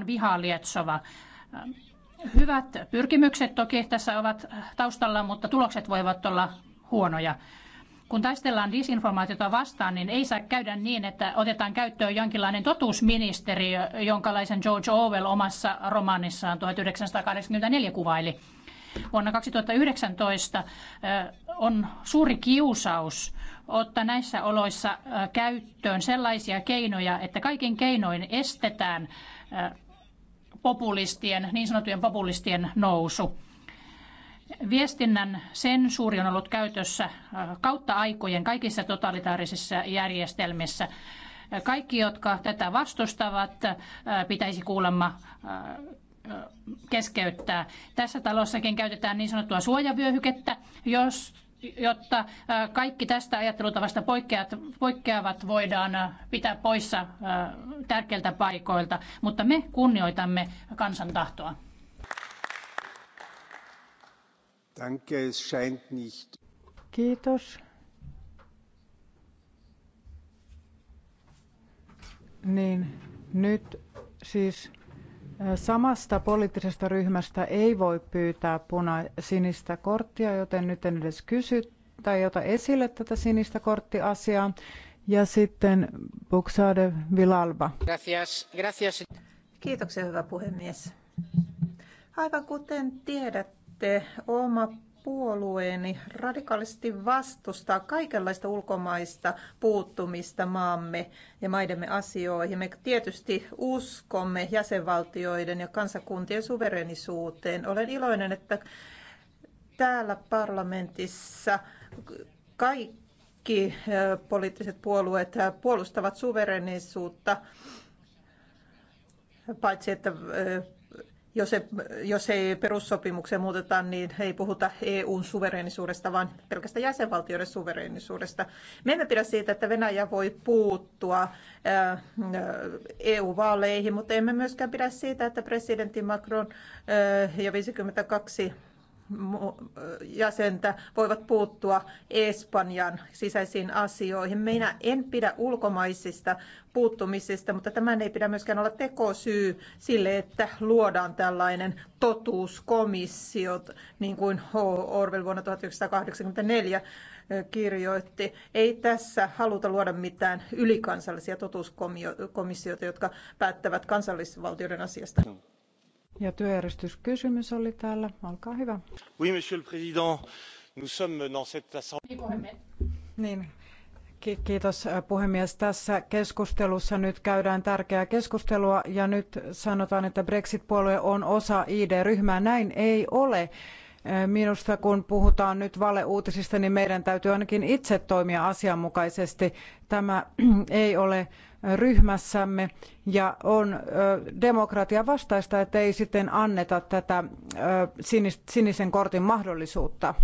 on vihaa lietsova. Hyvät pyrkimykset toki tässä ovat taustalla, mutta tulokset voivat olla huonoja. Kun taistellaan disinformaatiota vastaan, niin ei saa käydä niin, että otetaan käyttöön jonkinlainen totuusministeriö, jonkalaisen George Orwell omassa romaanissaan 1984 kuvaili. Vuonna 2019 on suuri kiusaus ottaa näissä oloissa käyttöön sellaisia keinoja, että kaiken keinoin estetään populistien, niin sanottujen populistien nousu. Viestinnän sensuuri on ollut käytössä äh, kautta aikojen kaikissa totalitaarisissa järjestelmissä. Äh, kaikki, jotka tätä vastustavat, äh, pitäisi kuulemma keskeyttää. Tässä talossakin käytetään niin sanottua suojavyöhykettä, jos jotta äh, kaikki tästä ajattelutavasta poikkeavat voidaan äh, pitää poissa äh, tärkeiltä paikoilta, mutta me kunnioitamme kansan tahtoa. Danke, es scheint nicht. Kiitos. Niin, nyt siis Samasta poliittisesta ryhmästä ei voi pyytää puna-sinistä korttia, joten nyt en edes kysy tai ota esille tätä sinistä korttiasiaa. Ja sitten Buxade Vilalba. Gracias. Gracias. Kiitoksia, hyvä puhemies. Aivan kuten tiedätte, oma puolueeni radikaalisti vastustaa kaikenlaista ulkomaista puuttumista maamme ja maidemme asioihin. Me tietysti uskomme jäsenvaltioiden ja kansakuntien suverenisuuteen. Olen iloinen, että täällä parlamentissa kaikki poliittiset puolueet puolustavat suverenisuutta, paitsi että jos ei, jos ei perussopimukseen muuteta, niin ei puhuta EUn suvereenisuudesta, vaan pelkästään jäsenvaltioiden suvereenisuudesta. Me emme pidä siitä, että Venäjä voi puuttua äh, EU-vaaleihin, mutta emme myöskään pidä siitä, että presidentti Macron äh, ja 52 jäsentä voivat puuttua Espanjan sisäisiin asioihin. Minä en pidä ulkomaisista puuttumisista, mutta tämän ei pidä myöskään olla tekosyy sille, että luodaan tällainen totuuskomissio, niin kuin H. Orwell vuonna 1984 kirjoitti. Ei tässä haluta luoda mitään ylikansallisia totuuskomissioita, jotka päättävät kansallisvaltioiden asiasta. No. Ja työjärjestyskysymys oli täällä. Olkaa hyvä. Oui, monsieur le président. Nous sommes dans cette assemblée. Niin, niin. Kiitos äh, puhemies. Tässä keskustelussa nyt käydään tärkeää keskustelua ja nyt sanotaan, että Brexit-puolue on osa ID-ryhmää. Näin ei ole. Äh, minusta kun puhutaan nyt valeuutisista, niin meidän täytyy ainakin itse toimia asianmukaisesti. Tämä ei ole ryhmässämme ja on demokratian vastaista, että ei sitten anneta tätä sinisen kortin mahdollisuutta.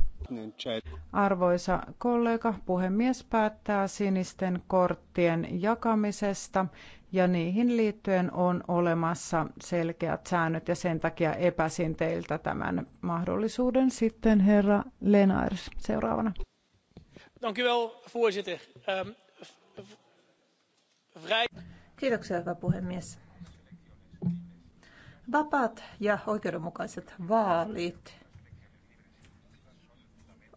Arvoisa kollega, puhemies päättää sinisten korttien jakamisesta ja niihin liittyen on olemassa selkeät säännöt ja sen takia epäsin teiltä tämän mahdollisuuden sitten herra Lenaers seuraavana. Dank u wel, voorzitter. Ehm, Kiitoksia, hyvä puhemies. Vapaat ja oikeudenmukaiset vaalit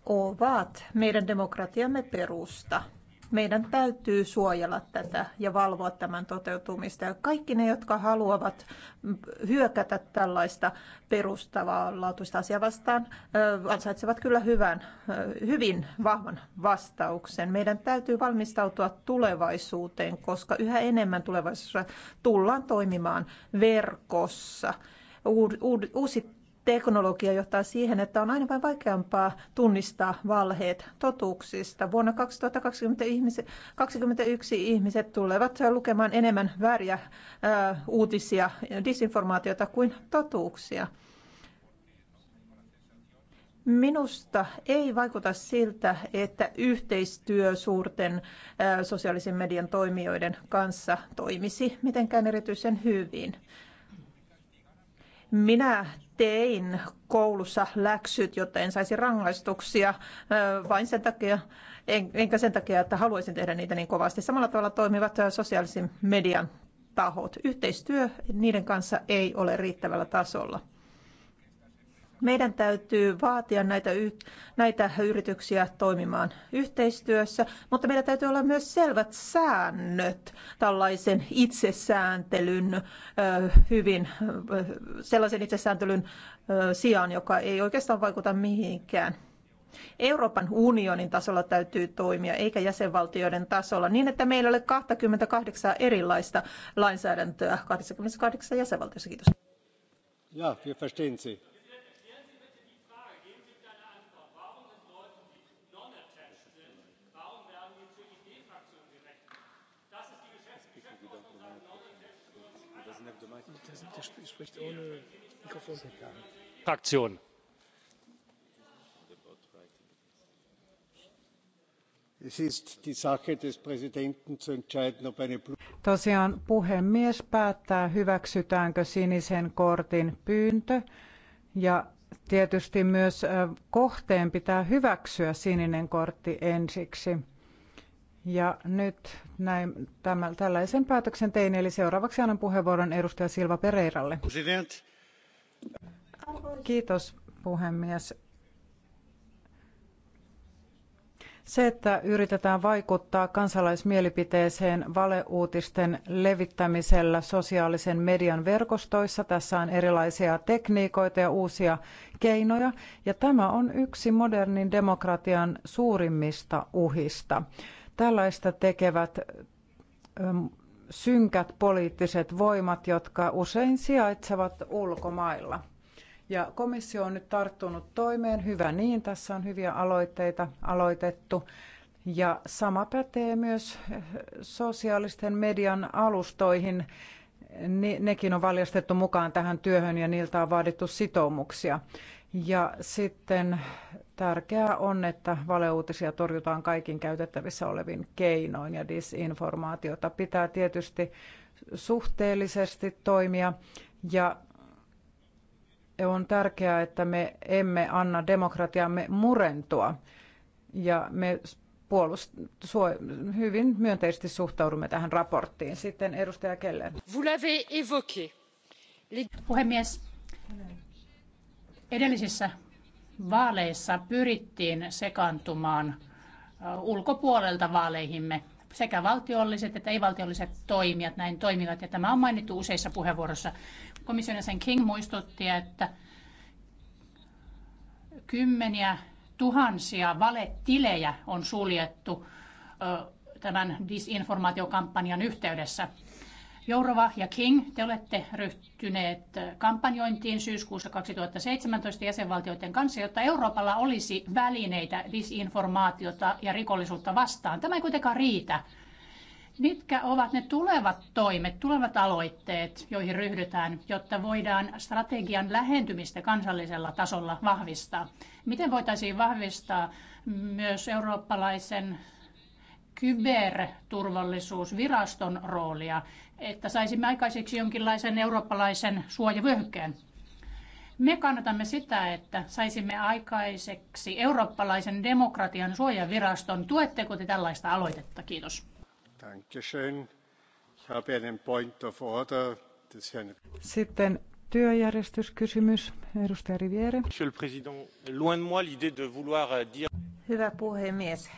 ovat meidän demokratiamme perusta. Meidän täytyy suojella tätä ja valvoa tämän toteutumista. Ja kaikki ne, jotka haluavat hyökätä tällaista perustavaa laatuista asiaa vastaan, ansaitsevat kyllä hyvän, hyvin vahvan vastauksen. Meidän täytyy valmistautua tulevaisuuteen, koska yhä enemmän tulevaisuudessa tullaan toimimaan verkossa. Uusi teknologia johtaa siihen, että on aina vain vaikeampaa tunnistaa valheet totuuksista. Vuonna 2021 ihmiset tulevat lukemaan enemmän väriä ää, uutisia, disinformaatiota kuin totuuksia. Minusta ei vaikuta siltä, että yhteistyö suurten sosiaalisen median toimijoiden kanssa toimisi mitenkään erityisen hyvin. Minä tein koulussa läksyt, jotta en saisi rangaistuksia vain sen takia, en, enkä sen takia, että haluaisin tehdä niitä niin kovasti. Samalla tavalla toimivat sosiaalisen median tahot. Yhteistyö niiden kanssa ei ole riittävällä tasolla. Meidän täytyy vaatia näitä, näitä yrityksiä toimimaan yhteistyössä, mutta meillä täytyy olla myös selvät säännöt tällaisen itsesääntelyn hyvin, sellaisen itsesääntelyn sijaan, joka ei oikeastaan vaikuta mihinkään. Euroopan unionin tasolla täytyy toimia, eikä jäsenvaltioiden tasolla, niin että meillä ole 28 erilaista lainsäädäntöä 28 jäsenvaltiossa. Kiitos. Ja, fraktion. Tosiaan puhemies päättää, hyväksytäänkö sinisen kortin pyyntö. Ja tietysti myös kohteen pitää hyväksyä sininen kortti ensiksi. Ja nyt näin, tämän, tällaisen päätöksen tein, eli seuraavaksi annan puheenvuoron edustaja Silva Pereiralle. President. Kiitos puhemies. Se, että yritetään vaikuttaa kansalaismielipiteeseen valeuutisten levittämisellä sosiaalisen median verkostoissa, tässä on erilaisia tekniikoita ja uusia keinoja, ja tämä on yksi modernin demokratian suurimmista uhista. Tällaista tekevät synkät poliittiset voimat, jotka usein sijaitsevat ulkomailla. Ja komissio on nyt tarttunut toimeen, hyvä niin, tässä on hyviä aloitteita aloitettu. Ja sama pätee myös äh, sosiaalisten median alustoihin. nekin on valjastettu mukaan tähän työhön ja niiltä on vaadittu sitoumuksia. Ja sitten tärkeää on, että valeuutisia torjutaan kaikin käytettävissä olevin keinoin ja disinformaatiota pitää tietysti suhteellisesti toimia ja on tärkeää, että me emme anna demokratiamme murentua ja me puolust- hyvin myönteisesti suhtaudumme tähän raporttiin. Sitten edustaja Keller. Puhemies, Edellisissä vaaleissa pyrittiin sekaantumaan ulkopuolelta vaaleihimme. Sekä valtiolliset että ei-valtiolliset toimijat näin toimivat, ja tämä on mainittu useissa puheenvuoroissa. Komission sen King muistutti, että kymmeniä tuhansia valetilejä on suljettu tämän disinformaatiokampanjan yhteydessä. Jourova ja King, te olette ryhtyneet kampanjointiin syyskuussa 2017 jäsenvaltioiden kanssa, jotta Euroopalla olisi välineitä disinformaatiota ja rikollisuutta vastaan. Tämä ei kuitenkaan riitä. Mitkä ovat ne tulevat toimet, tulevat aloitteet, joihin ryhdytään, jotta voidaan strategian lähentymistä kansallisella tasolla vahvistaa? Miten voitaisiin vahvistaa myös eurooppalaisen kyberturvallisuusviraston roolia että saisimme aikaiseksi jonkinlaisen eurooppalaisen suojavyöhykkeen. Me kannatamme sitä, että saisimme aikaiseksi eurooppalaisen demokratian suojaviraston. Tuetteko te tällaista aloitetta? Kiitos. point of order. Sitten työjärjestyskysymys. Edustaja Riviere. Hyvä puhemies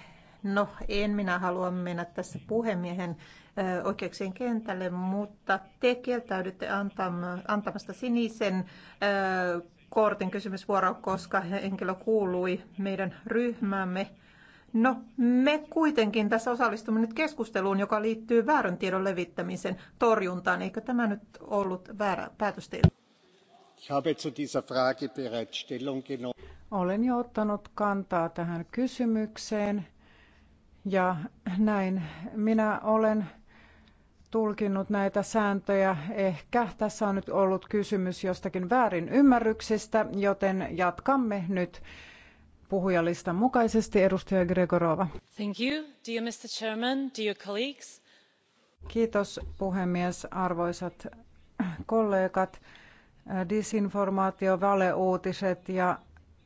No, en minä halua mennä tässä puhemiehen oikeuksien kentälle, mutta te kieltäydytte antamasta sinisen kortin kysymysvuoro, koska henkilö kuului meidän ryhmämme. No, me kuitenkin tässä osallistumme nyt keskusteluun, joka liittyy väärän tiedon levittämisen torjuntaan. Eikö tämä nyt ollut väärä päätös teille? Olen jo ottanut kantaa tähän kysymykseen. Ja näin minä olen tulkinnut näitä sääntöjä. Ehkä tässä on nyt ollut kysymys jostakin väärin ymmärryksistä, joten jatkamme nyt puhujalistan mukaisesti. Edustaja Gregorova. Thank you, dear Mr. Chairman, dear colleagues. Kiitos puhemies, arvoisat kollegat. Disinformaatio, valeuutiset ja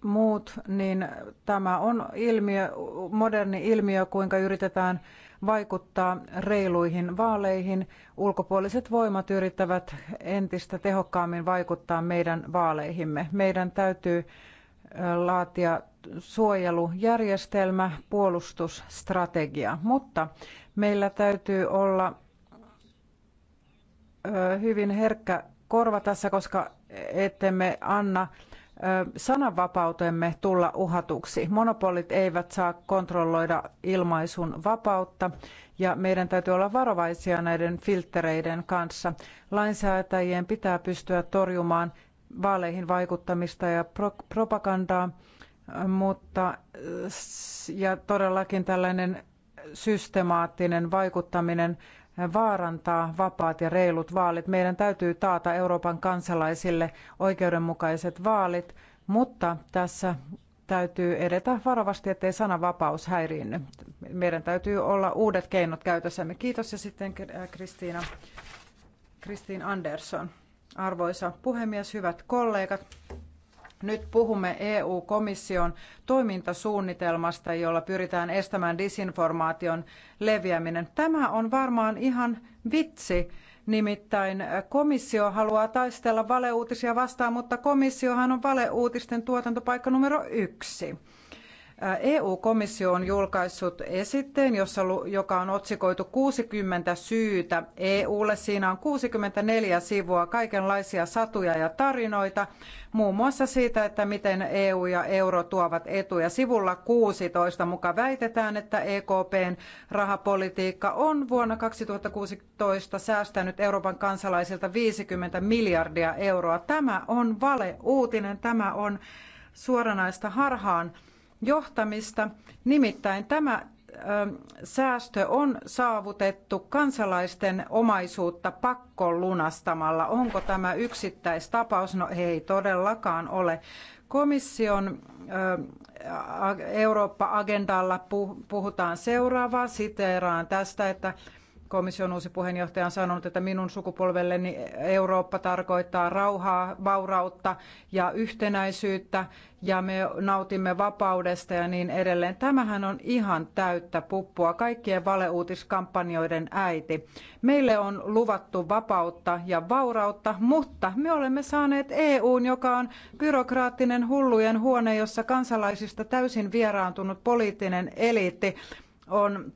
muut, niin tämä on ilmiö, moderni ilmiö, kuinka yritetään vaikuttaa reiluihin vaaleihin. Ulkopuoliset voimat yrittävät entistä tehokkaammin vaikuttaa meidän vaaleihimme. Meidän täytyy laatia suojelujärjestelmä, puolustusstrategia, mutta meillä täytyy olla hyvin herkkä korva tässä, koska ettemme anna sananvapautemme tulla uhatuksi. Monopolit eivät saa kontrolloida ilmaisun vapautta ja meidän täytyy olla varovaisia näiden filtreiden kanssa. Lainsäätäjien pitää pystyä torjumaan vaaleihin vaikuttamista ja propagandaa, mutta ja todellakin tällainen systemaattinen vaikuttaminen vaarantaa vapaat ja reilut vaalit. Meidän täytyy taata Euroopan kansalaisille oikeudenmukaiset vaalit, mutta tässä täytyy edetä varovasti, ettei sananvapaus häiriinny. Meidän täytyy olla uudet keinot käytössämme. Kiitos ja sitten äh, Kristiina, Kristiin Andersson. Arvoisa puhemies, hyvät kollegat, nyt puhumme EU-komission toimintasuunnitelmasta, jolla pyritään estämään disinformaation leviäminen. Tämä on varmaan ihan vitsi. Nimittäin komissio haluaa taistella valeuutisia vastaan, mutta komissiohan on valeuutisten tuotantopaikka numero yksi. EU-komissio on julkaissut esitteen, jossa, joka on otsikoitu 60 syytä EUlle. Siinä on 64 sivua kaikenlaisia satuja ja tarinoita, muun muassa siitä, että miten EU ja euro tuovat etuja. Sivulla 16 muka väitetään, että EKPn rahapolitiikka on vuonna 2016 säästänyt Euroopan kansalaisilta 50 miljardia euroa. Tämä on valeuutinen, tämä on suoranaista harhaan johtamista. Nimittäin tämä säästö on saavutettu kansalaisten omaisuutta pakkolunastamalla. Onko tämä yksittäistapaus? No ei todellakaan ole. Komission Eurooppa-agendalla puhutaan seuraavaa. Siteeraan tästä, että komission uusi puheenjohtaja on sanonut, että minun sukupolvelleni Eurooppa tarkoittaa rauhaa, vaurautta ja yhtenäisyyttä ja me nautimme vapaudesta ja niin edelleen. Tämähän on ihan täyttä puppua, kaikkien valeuutiskampanjoiden äiti. Meille on luvattu vapautta ja vaurautta, mutta me olemme saaneet EUn, joka on byrokraattinen hullujen huone, jossa kansalaisista täysin vieraantunut poliittinen eliitti on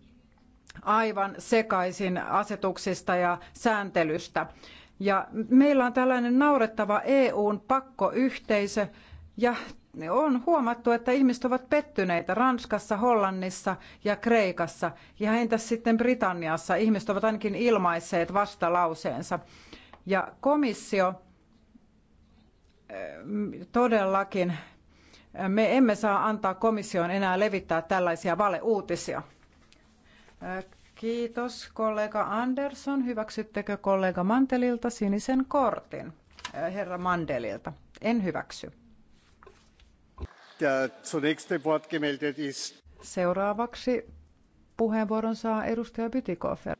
aivan sekaisin asetuksista ja sääntelystä. Ja meillä on tällainen naurettava EUn pakkoyhteisö ja on huomattu, että ihmiset ovat pettyneitä Ranskassa, Hollannissa ja Kreikassa. Ja entäs sitten Britanniassa? Ihmiset ovat ainakin ilmaisseet vastalauseensa. Ja komissio eh, todellakin, eh, me emme saa antaa komission enää levittää tällaisia valeuutisia. Eh, Kiitos kollega Andersson. Hyväksyttekö kollega Mantelilta sinisen kortin? Äh, herra Mandelilta. En hyväksy. Seuraavaksi puheenvuoron saa edustaja Bytikofer.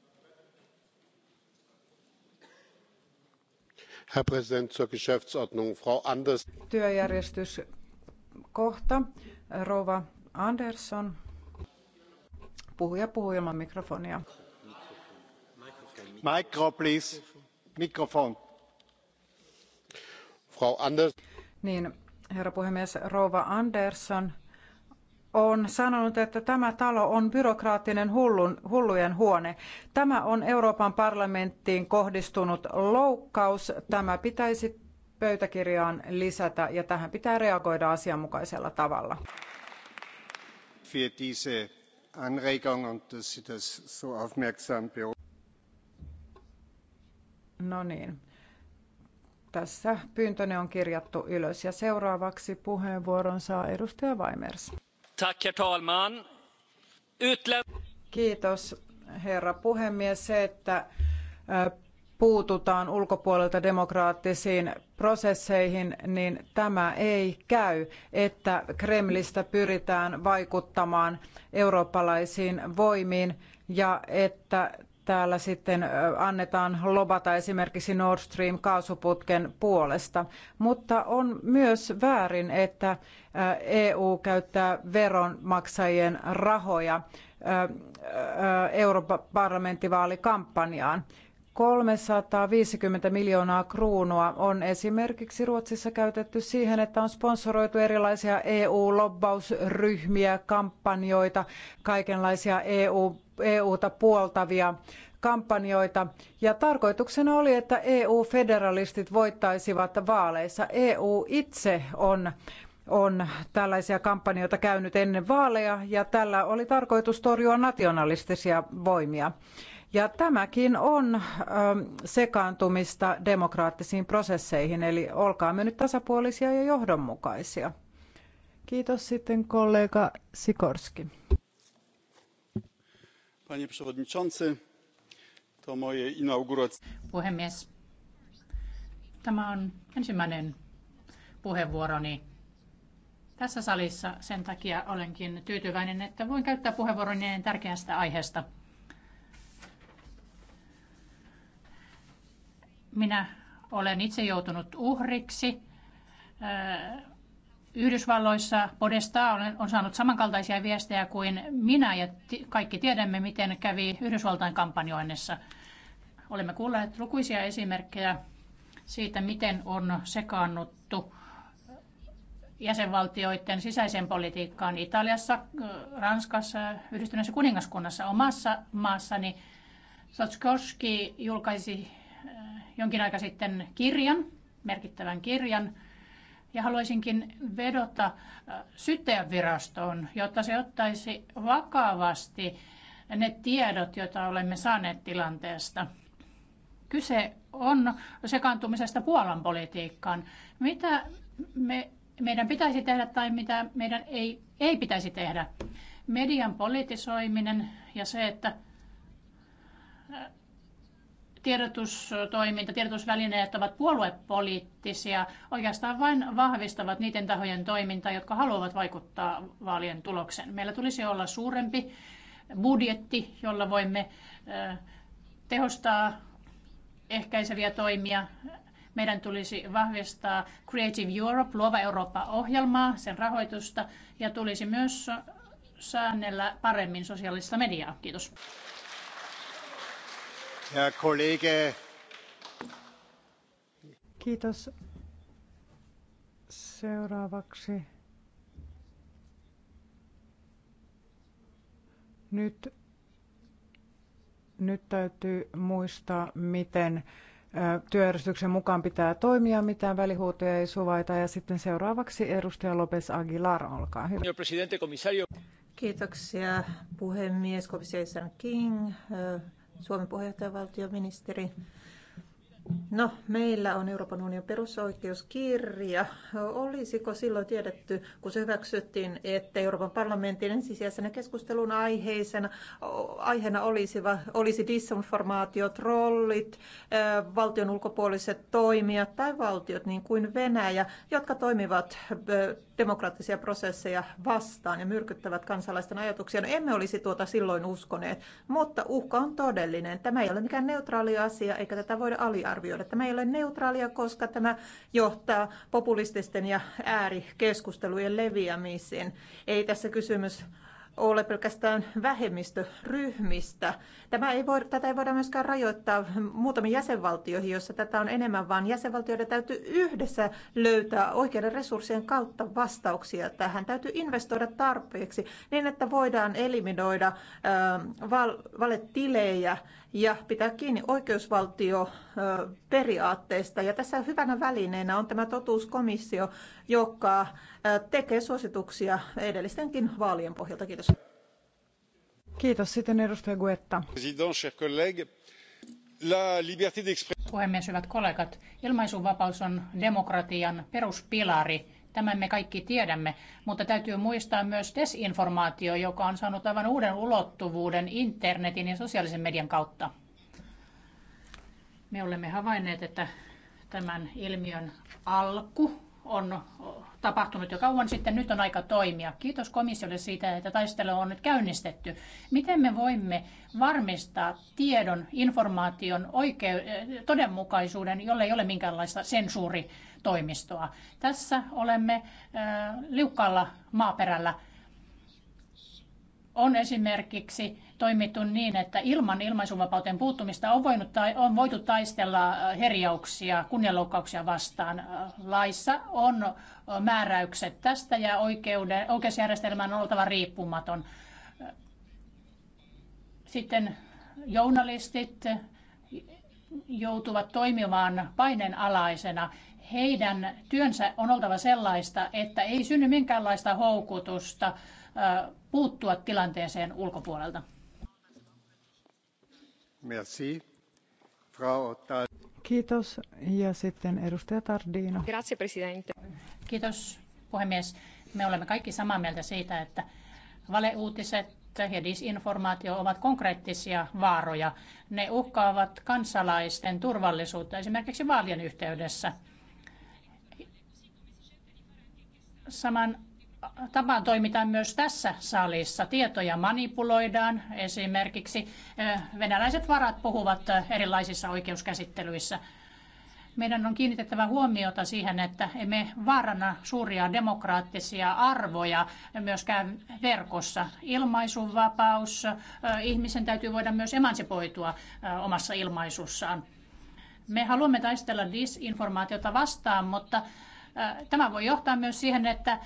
Herr Präsident zur Geschäftsordnung, Frau Anders. Työjärjestyskohta, rouva Andersson Puhuja puhuu ilman mikrofonia. Mikrofon. Anders. Niin, herra puhemies, rouva Andersson on sanonut, että tämä talo on byrokraattinen hullun, hullujen huone. Tämä on Euroopan parlamenttiin kohdistunut loukkaus. Tämä pitäisi pöytäkirjaan lisätä ja tähän pitää reagoida asianmukaisella tavalla. Für diese anregung und dass Sie das so aufmerksam beobachten. No niin. Tässä pyyntöni on kirjattu ylös ja seuraavaksi puheenvuoron saa edustaja Weimers. Tack, herr talman. Kiitos herra puhemies. Se, että puututaan ulkopuolelta demokraattisiin prosesseihin, niin tämä ei käy, että Kremlistä pyritään vaikuttamaan eurooppalaisiin voimiin ja että täällä sitten annetaan lobata esimerkiksi Nord Stream kaasuputken puolesta. Mutta on myös väärin, että EU käyttää veronmaksajien rahoja Euroopan parlamenttivaalikampanjaan. 350 miljoonaa kruunua on esimerkiksi Ruotsissa käytetty siihen, että on sponsoroitu erilaisia EU-lobbausryhmiä, kampanjoita, kaikenlaisia EU, EU-ta puoltavia kampanjoita. Ja tarkoituksena oli, että EU-federalistit voittaisivat vaaleissa. EU itse on on tällaisia kampanjoita käynyt ennen vaaleja ja tällä oli tarkoitus torjua nationalistisia voimia. Ja tämäkin on sekaantumista demokraattisiin prosesseihin, eli olkaamme nyt tasapuolisia ja johdonmukaisia. Kiitos sitten kollega Sikorski. Panie przewodniczący, to moje inauguraatio. Puhemies, tämä on ensimmäinen puheenvuoroni tässä salissa. Sen takia olenkin tyytyväinen, että voin käyttää puheenvuoroni näin tärkeästä aiheesta – Minä olen itse joutunut uhriksi. Yhdysvalloissa Podesta on, on saanut samankaltaisia viestejä kuin minä ja kaikki tiedämme, miten kävi Yhdysvaltain kampanjoinnissa. Olemme kuulleet lukuisia esimerkkejä siitä, miten on sekaannuttu jäsenvaltioiden sisäiseen politiikkaan Italiassa, Ranskassa, Yhdistyneessä kuningaskunnassa omassa maassani. Sotskoski julkaisi jonkin aika sitten kirjan, merkittävän kirjan, ja haluaisinkin vedota äh, syyttäjänvirastoon, jotta se ottaisi vakavasti ne tiedot, joita olemme saaneet tilanteesta. Kyse on sekaantumisesta Puolan politiikkaan. Mitä me, meidän pitäisi tehdä tai mitä meidän ei, ei pitäisi tehdä? Median politisoiminen ja se, että tiedotustoiminta, tiedotusvälineet ovat puoluepoliittisia, oikeastaan vain vahvistavat niiden tahojen toimintaa, jotka haluavat vaikuttaa vaalien tulokseen. Meillä tulisi olla suurempi budjetti, jolla voimme tehostaa ehkäiseviä toimia. Meidän tulisi vahvistaa Creative Europe, Luova Eurooppa-ohjelmaa, sen rahoitusta ja tulisi myös säännellä paremmin sosiaalista mediaa. Kiitos. Kiitos. Seuraavaksi nyt, nyt täytyy muistaa, miten työjärjestyksen mukaan pitää toimia, mitään välihuutoja ei suvaita. Ja sitten seuraavaksi edustaja Lopez Aguilar, olkaa hyvä. Kiitoksia puhemies, komissaari King, Suomen puheenjohtajavaltioministeri No, meillä on Euroopan unionin perusoikeuskirja. Olisiko silloin tiedetty, kun se hyväksyttiin, että Euroopan parlamentin ensisijaisena keskustelun aiheisena, aiheena olisi, olisi disinformaatio, trollit, valtion ulkopuoliset toimijat tai valtiot, niin kuin Venäjä, jotka toimivat demokraattisia prosesseja vastaan ja myrkyttävät kansalaisten ajatuksia. No, emme olisi tuota silloin uskoneet, mutta uhka on todellinen. Tämä ei ole mikään neutraali asia, eikä tätä voida aliarvioida arvioida. Tämä ei ole neutraalia, koska tämä johtaa populististen ja äärikeskustelujen leviämiseen. Ei tässä kysymys ole pelkästään vähemmistöryhmistä. Tämä ei voi, tätä ei voida myöskään rajoittaa muutamiin jäsenvaltioihin, joissa tätä on enemmän, vaan jäsenvaltioiden täytyy yhdessä löytää oikeiden resurssien kautta vastauksia tähän. Täytyy investoida tarpeeksi niin, että voidaan eliminoida ähm, val, valetilejä ja pitää kiinni oikeusvaltioperiaatteesta. Äh, ja tässä hyvänä välineenä on tämä totuuskomissio, joka äh, tekee suosituksia edellistenkin vaalien pohjalta. Kiitos arvoisa sitten Guetta. Puhemies, hyvät kollegat, ilmaisunvapaus on demokratian peruspilari. Tämän me kaikki tiedämme, mutta täytyy muistaa myös desinformaatio, joka on saanut aivan uuden ulottuvuuden internetin ja sosiaalisen median kautta. Me olemme havainneet, että tämän ilmiön alku on tapahtunut jo kauan sitten, nyt on aika toimia. Kiitos komissiolle siitä, että taistelu on nyt käynnistetty. Miten me voimme varmistaa tiedon, informaation oikeu- eh, todenmukaisuuden, jolle ei ole minkäänlaista sensuuritoimistoa? Tässä olemme eh, liukkaalla maaperällä on esimerkiksi toimittu niin, että ilman ilmaisuvapauteen puuttumista on, voinut, on voitu taistella äh, herjauksia, kunnianloukkauksia vastaan. Äh, laissa on äh, määräykset tästä ja oikeuden, oikeusjärjestelmän on oltava riippumaton. Sitten journalistit joutuvat toimimaan paineen alaisena heidän työnsä on oltava sellaista, että ei synny minkäänlaista houkutusta puuttua tilanteeseen ulkopuolelta. Merci. Kiitos. Ja sitten edustaja Tardino. Kiitos, puhemies. Me olemme kaikki samaa mieltä siitä, että valeuutiset ja disinformaatio ovat konkreettisia vaaroja. Ne uhkaavat kansalaisten turvallisuutta esimerkiksi vaalien yhteydessä. Saman tapaan toimitaan myös tässä salissa. Tietoja manipuloidaan, esimerkiksi eh, venäläiset varat puhuvat eh, erilaisissa oikeuskäsittelyissä. Meidän on kiinnitettävä huomiota siihen, että emme vaaranna suuria demokraattisia arvoja myöskään verkossa. Ilmaisunvapaus, eh, ihmisen täytyy voida myös emansipoitua omassa ilmaisussaan. Me haluamme taistella disinformaatiota vastaan, mutta Tämä voi johtaa myös siihen, että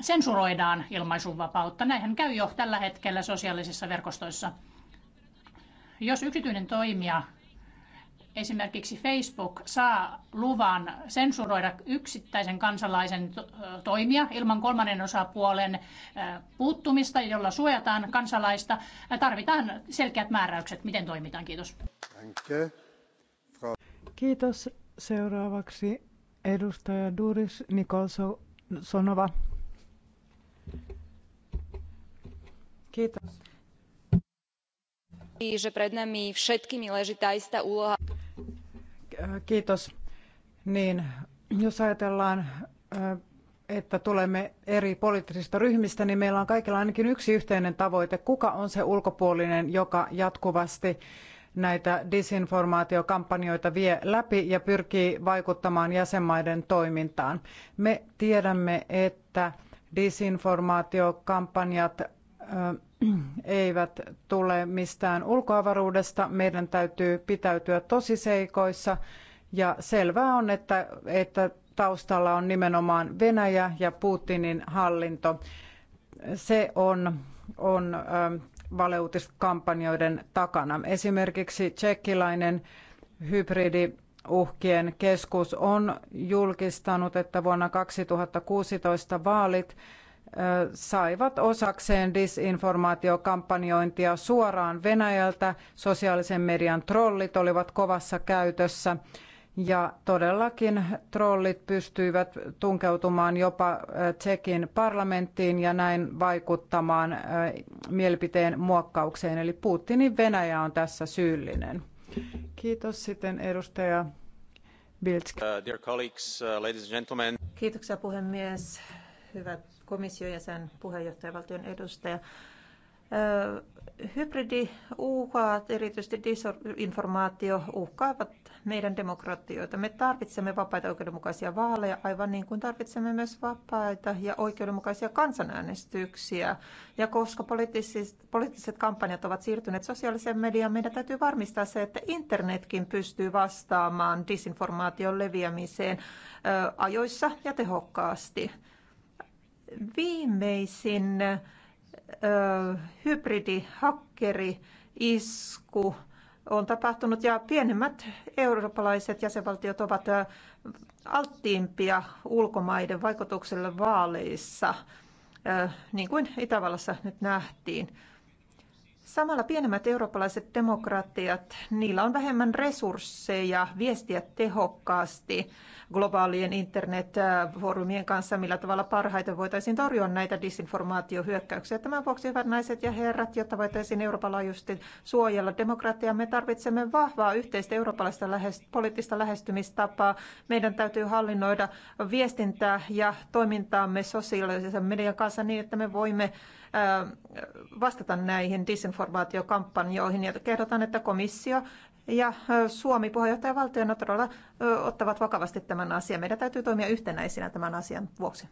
sensuroidaan ilmaisunvapautta. Näinhän käy jo tällä hetkellä sosiaalisissa verkostoissa. Jos yksityinen toimija, esimerkiksi Facebook, saa luvan sensuroida yksittäisen kansalaisen toimia ilman kolmannen osapuolen puuttumista, jolla suojataan kansalaista, tarvitaan selkeät määräykset, miten toimitaan. Kiitos. Kiitos. Seuraavaksi Edustaja Duris Nikolsonova. Kiitos. Kiitos. Niin, jos ajatellaan, eh, että tulemme eri poliittisista ryhmistä, niin meillä on kaikilla ainakin yksi yhteinen tavoite. Kuka on se ulkopuolinen, joka jatkuvasti näitä disinformaatiokampanjoita vie läpi ja pyrkii vaikuttamaan jäsenmaiden toimintaan. Me tiedämme, että disinformaatiokampanjat eivät tule mistään ulkoavaruudesta. Meidän täytyy pitäytyä tosiseikoissa ja selvää on, että, että taustalla on nimenomaan Venäjä ja Putinin hallinto. Se on, on valeuutiskampanjoiden takana. Esimerkiksi tsekkiläinen hybridi uhkien keskus on julkistanut, että vuonna 2016 vaalit saivat osakseen disinformaatiokampanjointia suoraan Venäjältä. Sosiaalisen median trollit olivat kovassa käytössä ja todellakin trollit pystyivät tunkeutumaan jopa äh, Tsekin parlamenttiin ja näin vaikuttamaan äh, mielipiteen muokkaukseen. Eli Putinin Venäjä on tässä syyllinen. Kiitos sitten edustaja Biltsk. Uh, uh, Kiitoksia puhemies. Hyvät komission jäsen, puheenjohtajavaltion edustaja. Hybridiuhat, erityisesti disinformaatio, uhkaavat meidän demokratioita. Me tarvitsemme vapaita oikeudenmukaisia vaaleja, aivan niin kuin tarvitsemme myös vapaita ja oikeudenmukaisia kansanäänestyksiä. Ja koska poliittiset, poliittiset kampanjat ovat siirtyneet sosiaaliseen mediaan, meidän täytyy varmistaa se, että internetkin pystyy vastaamaan disinformaation leviämiseen ajoissa ja tehokkaasti. Viimeisin hybridihakkeri isku on tapahtunut ja pienemmät eurooppalaiset jäsenvaltiot ovat alttiimpia ulkomaiden vaikutukselle vaaleissa, niin kuin Itävallassa nyt nähtiin. Samalla pienemmät eurooppalaiset demokratiat, niillä on vähemmän resursseja viestiä tehokkaasti globaalien internetfoorumien kanssa, millä tavalla parhaiten voitaisiin torjua näitä disinformaatiohyökkäyksiä. Tämän vuoksi, hyvät naiset ja herrat, jotta voitaisiin Euroopan laajuisesti suojella demokratiaa, me tarvitsemme vahvaa yhteistä eurooppalaista lähest- poliittista lähestymistapaa. Meidän täytyy hallinnoida viestintää ja toimintaamme sosiaalisen median kanssa niin, että me voimme vastata näihin disinformaatiokampanjoihin ja kerrotaan, että komissio ja Suomi puheenjohtajavaltiona todella ottavat vakavasti tämän asian. Meidän täytyy toimia yhtenäisinä tämän asian vuoksi.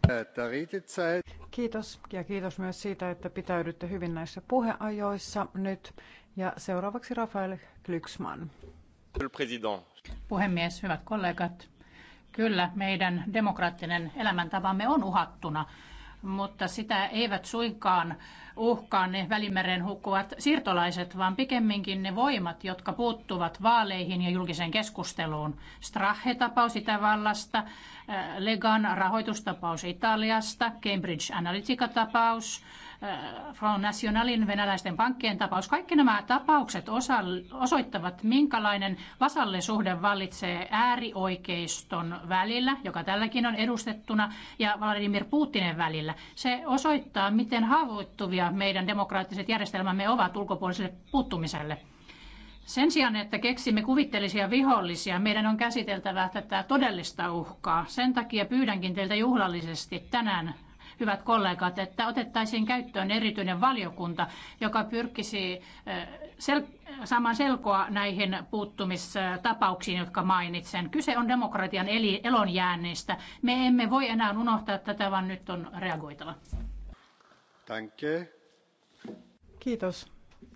Kiitos ja kiitos myös siitä, että pitäydytte hyvin näissä puheajoissa nyt. Ja seuraavaksi Rafael Glyksman. Puhemies, hyvät kollegat. Kyllä, meidän demokraattinen elämäntavamme on uhattuna mutta sitä eivät suinkaan uhkaa ne välimeren hukkuvat siirtolaiset, vaan pikemminkin ne voimat, jotka puuttuvat vaaleihin ja julkiseen keskusteluun. Strahe-tapaus Itävallasta, äh, Legan rahoitustapaus Italiasta, Cambridge Analytica-tapaus, Äh, Front Nationalin venäläisten pankkien tapaus. Kaikki nämä tapaukset osoittavat, minkälainen vasallisuhde vallitsee äärioikeiston välillä, joka tälläkin on edustettuna, ja Vladimir Putinin välillä. Se osoittaa, miten haavoittuvia meidän demokraattiset järjestelmämme ovat ulkopuoliselle puuttumiselle. Sen sijaan, että keksimme kuvittelisia vihollisia, meidän on käsiteltävä tätä todellista uhkaa. Sen takia pyydänkin teiltä juhlallisesti tänään hyvät kollegat, että otettaisiin käyttöön erityinen valiokunta, joka pyrkisi eh, sel- saamaan selkoa näihin puuttumistapauksiin, jotka mainitsen. Kyse on demokratian eli elonjäännistä. Me emme voi enää unohtaa tätä, vaan nyt on reagoitava. Danke. Kiitos.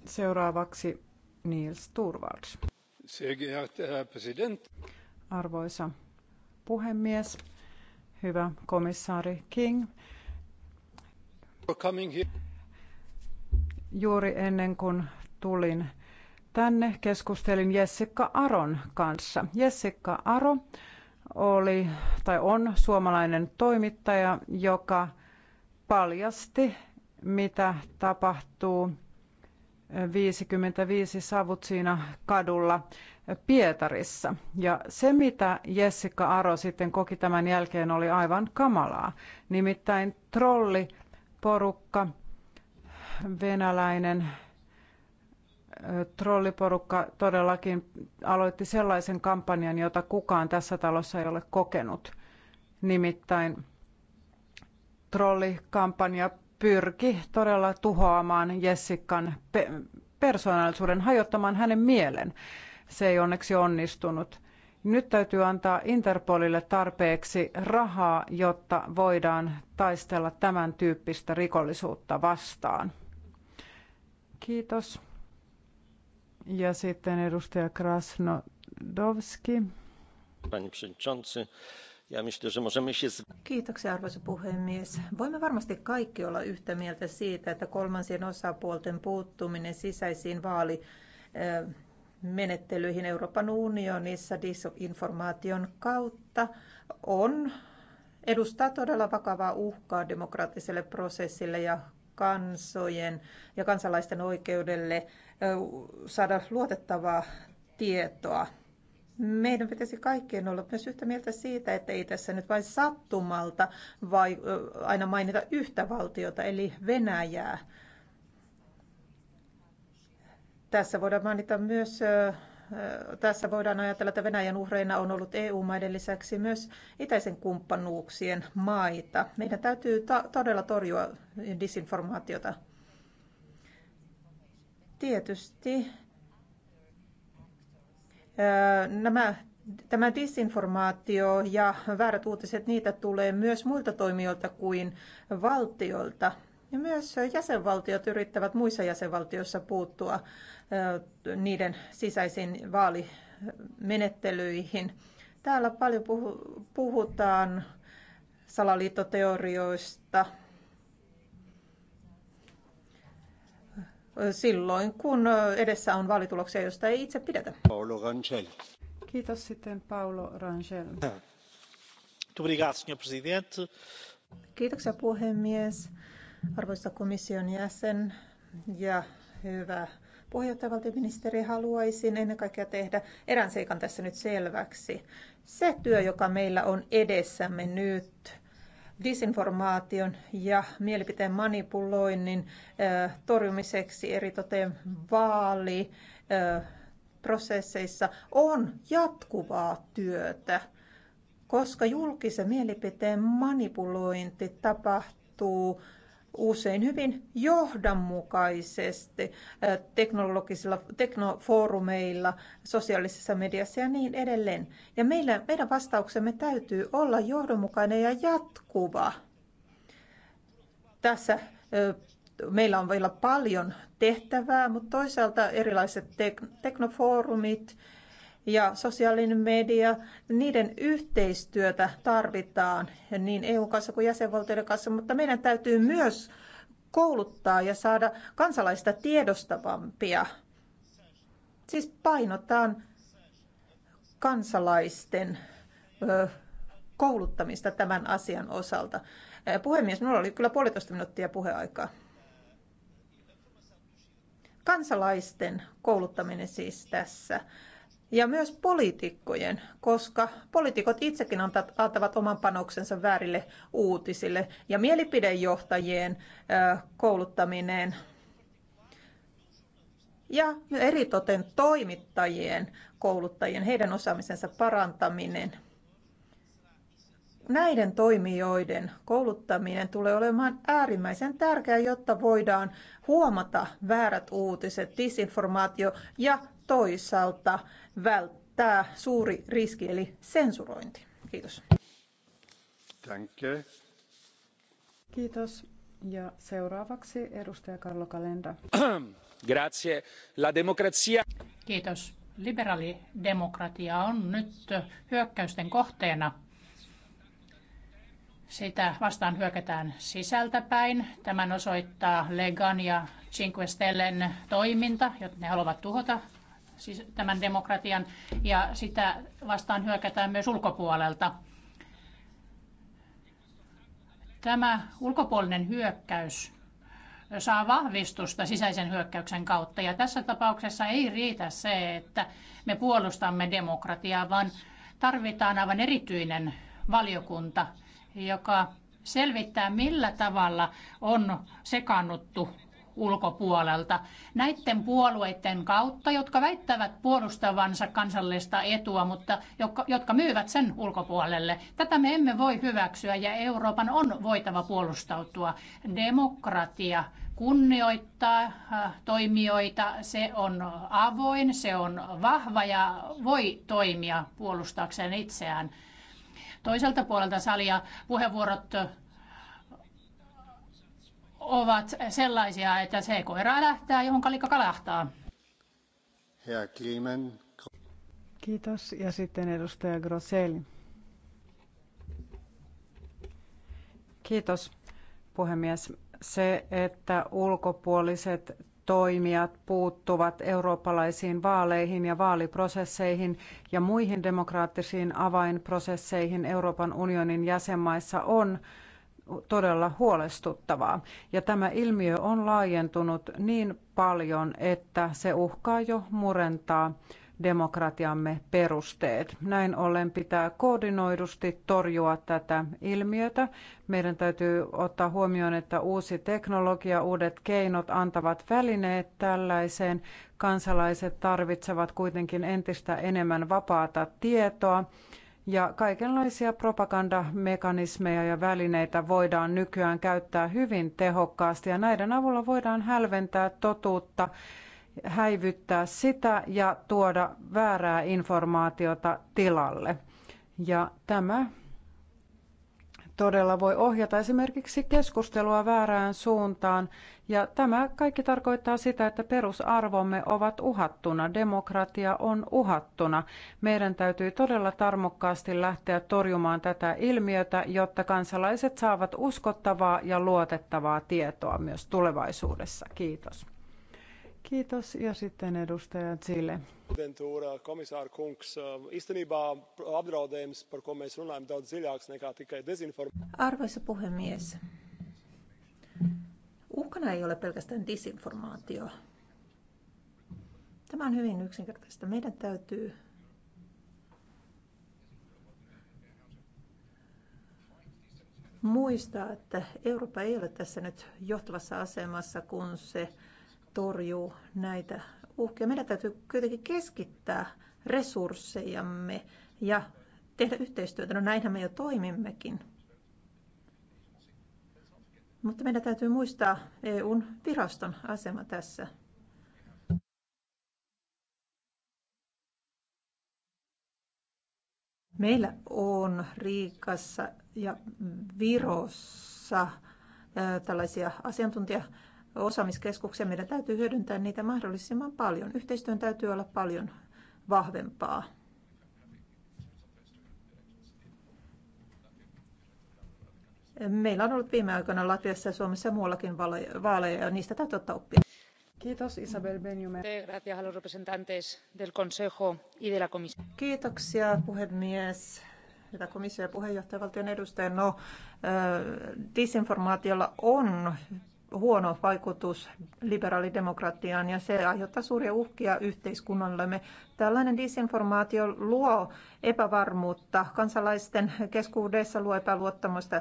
Seuraavaksi Niels Turvalds. Arvoisa puhemies, hyvä komissaari King. Juuri ennen kuin tulin tänne, keskustelin Jessica Aron kanssa. Jessica Aro oli tai on suomalainen toimittaja, joka paljasti, mitä tapahtuu 55 savut siinä kadulla Pietarissa. Ja se, mitä Jessica Aro sitten koki tämän jälkeen, oli aivan kamalaa. Nimittäin trolli trolliporukka, venäläinen trolliporukka todellakin aloitti sellaisen kampanjan, jota kukaan tässä talossa ei ole kokenut. Nimittäin trollikampanja pyrki todella tuhoamaan Jessikan pe- persoonallisuuden, hajottamaan hänen mielen. Se ei onneksi onnistunut. Nyt täytyy antaa Interpolille tarpeeksi rahaa, jotta voidaan taistella tämän tyyppistä rikollisuutta vastaan. Kiitos. Ja sitten edustaja Krasnodowski. Kiitoksia arvoisa puhemies. Voimme varmasti kaikki olla yhtä mieltä siitä, että kolmansien osapuolten puuttuminen sisäisiin vaali menettelyihin Euroopan unionissa disinformaation kautta on, edustaa todella vakavaa uhkaa demokraattiselle prosessille ja kansojen ja kansalaisten oikeudelle saada luotettavaa tietoa. Meidän pitäisi kaikkien olla myös yhtä mieltä siitä, että ei tässä nyt vain sattumalta vai aina mainita yhtä valtiota, eli Venäjää tässä voidaan mainita myös tässä voidaan ajatella, että Venäjän uhreina on ollut EU-maiden lisäksi myös itäisen kumppanuuksien maita. Meidän täytyy ta- todella torjua disinformaatiota. Tietysti nämä, tämä disinformaatio ja väärät uutiset, niitä tulee myös muilta toimijoilta kuin valtioilta – ja myös jäsenvaltiot yrittävät muissa jäsenvaltioissa puuttua niiden sisäisiin vaalimenettelyihin. Täällä paljon puhutaan salaliittoteorioista silloin, kun edessä on vaalituloksia, joista ei itse pidetä. Paolo Rangel. Kiitos sitten Paolo Rangel. Kiitoksia puhemies. Arvoisa komission jäsen ja hyvä puheenjohtajavaltioministeri, haluaisin ennen kaikkea tehdä erään seikan tässä nyt selväksi. Se työ, joka meillä on edessämme nyt, disinformaation ja mielipiteen manipuloinnin torjumiseksi toteen vaali prosesseissa on jatkuvaa työtä, koska julkisen mielipiteen manipulointi tapahtuu usein hyvin johdonmukaisesti teknologisilla teknofoorumeilla, sosiaalisessa mediassa ja niin edelleen. Ja meillä, meidän vastauksemme täytyy olla johdonmukainen ja jatkuva. Tässä meillä on vielä paljon tehtävää, mutta toisaalta erilaiset teknofoorumit ja sosiaalinen media, niiden yhteistyötä tarvitaan niin eu kanssa kuin jäsenvaltioiden kanssa, mutta meidän täytyy myös kouluttaa ja saada kansalaista tiedostavampia. Siis painotaan kansalaisten kouluttamista tämän asian osalta. Puhemies, minulla oli kyllä puolitoista minuuttia puheaikaa. Kansalaisten kouluttaminen siis tässä ja myös poliitikkojen, koska poliitikot itsekin antavat oman panoksensa väärille uutisille ja mielipidejohtajien kouluttaminen ja eritoten toimittajien kouluttajien, heidän osaamisensa parantaminen. Näiden toimijoiden kouluttaminen tulee olemaan äärimmäisen tärkeää, jotta voidaan huomata väärät uutiset, disinformaatio ja toisaalta välttää suuri riski eli sensurointi. Kiitos. Danke. Kiitos. Ja seuraavaksi edustaja Karlo Kalenda. Grazie. La democrazia... Kiitos. Liberaalidemokratia on nyt hyökkäysten kohteena. Sitä vastaan hyökätään sisältäpäin. Tämän osoittaa Legan ja Cinque Stellen toiminta, jotta ne haluavat tuhota siis tämän demokratian ja sitä vastaan hyökätään myös ulkopuolelta. Tämä ulkopuolinen hyökkäys saa vahvistusta sisäisen hyökkäyksen kautta. Ja tässä tapauksessa ei riitä se, että me puolustamme demokratiaa, vaan tarvitaan aivan erityinen valiokunta, joka selvittää, millä tavalla on sekannuttu ulkopuolelta. Näiden puolueiden kautta, jotka väittävät puolustavansa kansallista etua, mutta jotka, jotka myyvät sen ulkopuolelle. Tätä me emme voi hyväksyä ja Euroopan on voitava puolustautua. Demokratia kunnioittaa äh, toimijoita, se on avoin, se on vahva ja voi toimia puolustaakseen itseään. Toiselta puolelta salia puheenvuorot ovat sellaisia, että se koira lähtää, johon kalikka kalahtaa. Klimen. Kiitos. Ja sitten edustaja Grosselli. Kiitos puhemies. Se, että ulkopuoliset toimijat puuttuvat eurooppalaisiin vaaleihin ja vaaliprosesseihin ja muihin demokraattisiin avainprosesseihin Euroopan unionin jäsenmaissa on todella huolestuttavaa. Ja tämä ilmiö on laajentunut niin paljon, että se uhkaa jo murentaa demokratiamme perusteet. Näin ollen pitää koordinoidusti torjua tätä ilmiötä. Meidän täytyy ottaa huomioon, että uusi teknologia, uudet keinot antavat välineet tällaiseen. Kansalaiset tarvitsevat kuitenkin entistä enemmän vapaata tietoa ja kaikenlaisia propagandamekanismeja ja välineitä voidaan nykyään käyttää hyvin tehokkaasti ja näiden avulla voidaan hälventää totuutta, häivyttää sitä ja tuoda väärää informaatiota tilalle. Ja tämä todella voi ohjata esimerkiksi keskustelua väärään suuntaan ja tämä kaikki tarkoittaa sitä, että perusarvomme ovat uhattuna, demokratia on uhattuna. Meidän täytyy todella tarmokkaasti lähteä torjumaan tätä ilmiötä, jotta kansalaiset saavat uskottavaa ja luotettavaa tietoa myös tulevaisuudessa. Kiitos. Kiitos. Ja sitten edustaja Zille. Prezidentūra, kungs, īstenībā apdraudējums, par ko mēs runājam, daudz dziļāks nekā tikai dezinformācija. Arvoisa puhemies, uhkana ei ole pelkästään disinformaatio. Tämä on hyvin yksinkertaista. Meidän täytyy muistaa, että Eurooppa ei ole tässä nyt johtavassa asemassa, kun se torjuu näitä uhkia. Meidän täytyy kuitenkin keskittää resurssejamme ja tehdä yhteistyötä. No näinhän me jo toimimmekin. Mutta meidän täytyy muistaa EUn viraston asema tässä. Meillä on Riikassa ja Virossa tällaisia asiantuntija osaamiskeskuksia. Meidän täytyy hyödyntää niitä mahdollisimman paljon. Yhteistyön täytyy olla paljon vahvempaa. Meillä on ollut viime aikoina Latviassa, Suomessa ja muuallakin vaaleja ja niistä täytyy ottaa oppia. Kiitos Isabel Benjume. Gracias a los representantes del Consejo y de la Comisión. Kiitoksia puhemies. Hyvä komissio ja puheenjohtaja, valtion edustaja. No, disinformaatiolla on huono vaikutus liberaalidemokratiaan ja se aiheuttaa suuria uhkia yhteiskunnallemme. Tällainen disinformaatio luo epävarmuutta kansalaisten keskuudessa, luo epäluottamusta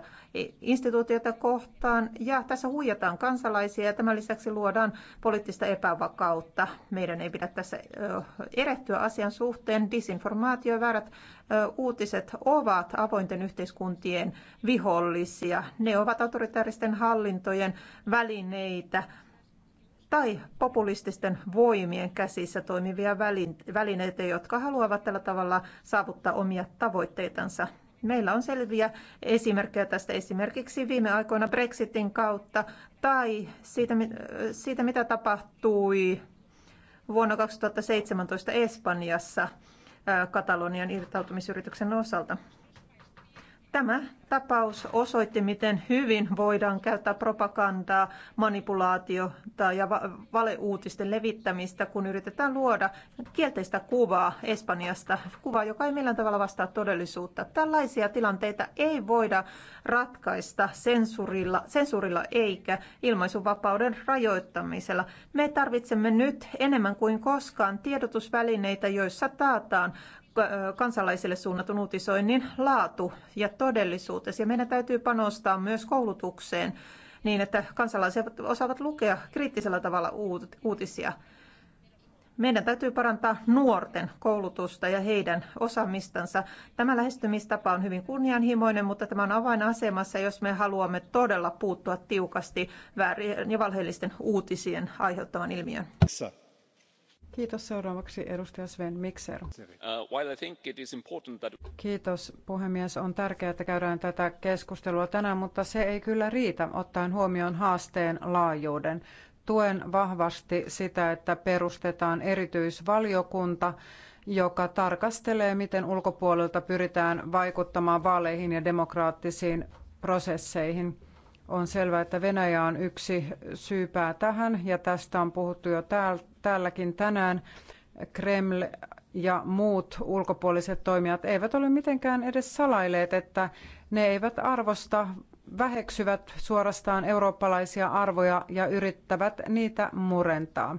instituutioita kohtaan ja tässä huijataan kansalaisia ja tämän lisäksi luodaan poliittista epävakautta. Meidän ei pidä tässä erehtyä asian suhteen. Disinformaatio ja väärät uutiset ovat avointen yhteiskuntien vihollisia. Ne ovat autoritaaristen hallintojen välineitä tai populististen voimien käsissä toimivia välineitä, jotka haluavat tällä tavalla saavuttaa omia tavoitteitansa. Meillä on selviä esimerkkejä tästä esimerkiksi viime aikoina Brexitin kautta tai siitä, siitä mitä tapahtui vuonna 2017 Espanjassa Katalonian irtautumisyrityksen osalta. Tämä tapaus osoitti, miten hyvin voidaan käyttää propagandaa, manipulaatiota ja valeuutisten levittämistä, kun yritetään luoda kielteistä kuvaa Espanjasta, kuvaa, joka ei millään tavalla vastaa todellisuutta. Tällaisia tilanteita ei voida ratkaista sensuurilla, sensuurilla eikä ilmaisuvapauden rajoittamisella. Me tarvitsemme nyt enemmän kuin koskaan tiedotusvälineitä, joissa taataan kansalaisille suunnatun uutisoinnin laatu ja todellisuutesi. Ja meidän täytyy panostaa myös koulutukseen niin, että kansalaiset osaavat lukea kriittisellä tavalla uutisia. Meidän täytyy parantaa nuorten koulutusta ja heidän osaamistansa. Tämä lähestymistapa on hyvin kunnianhimoinen, mutta tämä on avainasemassa, jos me haluamme todella puuttua tiukasti väärien ja valheellisten uutisien aiheuttaman ilmiön. Kiitos seuraavaksi edustaja Sven Mikser. Uh, Kiitos puhemies. On tärkeää, että käydään tätä keskustelua tänään, mutta se ei kyllä riitä ottaen huomioon haasteen laajuuden. Tuen vahvasti sitä, että perustetaan erityisvaliokunta, joka tarkastelee, miten ulkopuolelta pyritään vaikuttamaan vaaleihin ja demokraattisiin prosesseihin. On selvää, että Venäjä on yksi syypää tähän ja tästä on puhuttu jo täällä täälläkin tänään Kreml ja muut ulkopuoliset toimijat eivät ole mitenkään edes salailleet, että ne eivät arvosta, väheksyvät suorastaan eurooppalaisia arvoja ja yrittävät niitä murentaa.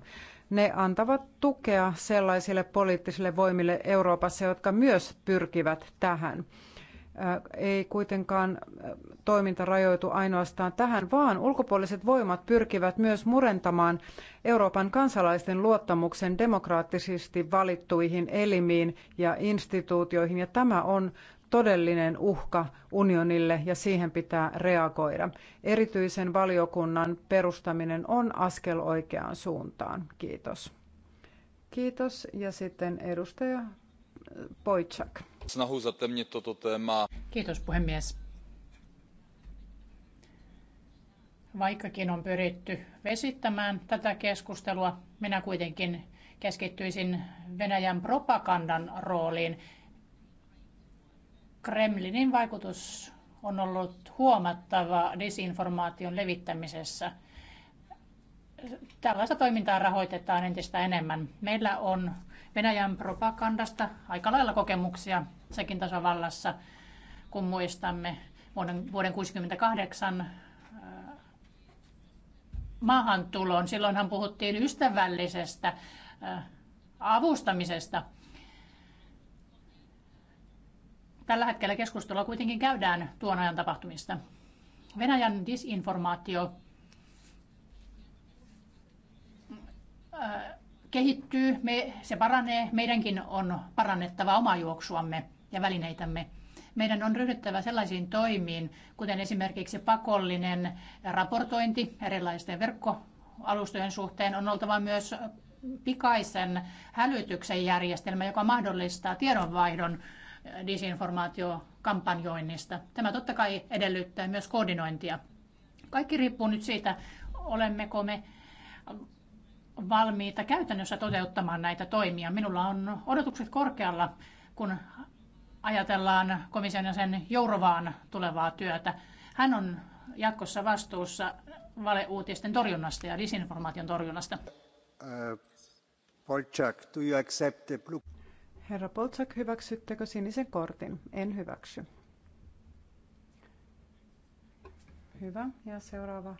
Ne antavat tukea sellaisille poliittisille voimille Euroopassa, jotka myös pyrkivät tähän ei kuitenkaan toiminta rajoitu ainoastaan tähän, vaan ulkopuoliset voimat pyrkivät myös murentamaan Euroopan kansalaisten luottamuksen demokraattisesti valittuihin elimiin ja instituutioihin, ja tämä on todellinen uhka unionille ja siihen pitää reagoida. Erityisen valiokunnan perustaminen on askel oikeaan suuntaan. Kiitos. Kiitos ja sitten edustaja Poitsak snahu zatemnit toto téma. Kiitos puhemies. Vaikkakin on pyritty vesittämään tätä keskustelua, minä kuitenkin keskittyisin Venäjän propagandan rooliin. Kremlinin vaikutus on ollut huomattava disinformaation levittämisessä. Tällaista toimintaa rahoitetaan entistä enemmän. Meillä on Venäjän propagandasta aika lailla kokemuksia sekin tasavallassa, kun muistamme vuoden, vuoden 1968 äh, maahantuloon. Silloinhan puhuttiin ystävällisestä äh, avustamisesta. Tällä hetkellä keskustelua kuitenkin käydään tuon ajan tapahtumista. Venäjän disinformaatio äh, kehittyy, me, se paranee, meidänkin on parannettava omaa juoksuamme ja välineitämme. Meidän on ryhdyttävä sellaisiin toimiin, kuten esimerkiksi pakollinen raportointi erilaisten verkkoalustojen suhteen. On oltava myös pikaisen hälytyksen järjestelmä, joka mahdollistaa tiedonvaihdon disinformaatiokampanjoinnista. Tämä totta kai edellyttää myös koordinointia. Kaikki riippuu nyt siitä, olemmeko me valmiita käytännössä toteuttamaan näitä toimia. Minulla on odotukset korkealla, kun ajatellaan komission sen Jourovaan tulevaa työtä. Hän on jatkossa vastuussa valeuutisten torjunnasta ja disinformaation torjunnasta. Polchak, do you accept the blue... Herra Polchak, hyväksyttekö sinisen kortin? En hyväksy. Hyvä. Ja seuraava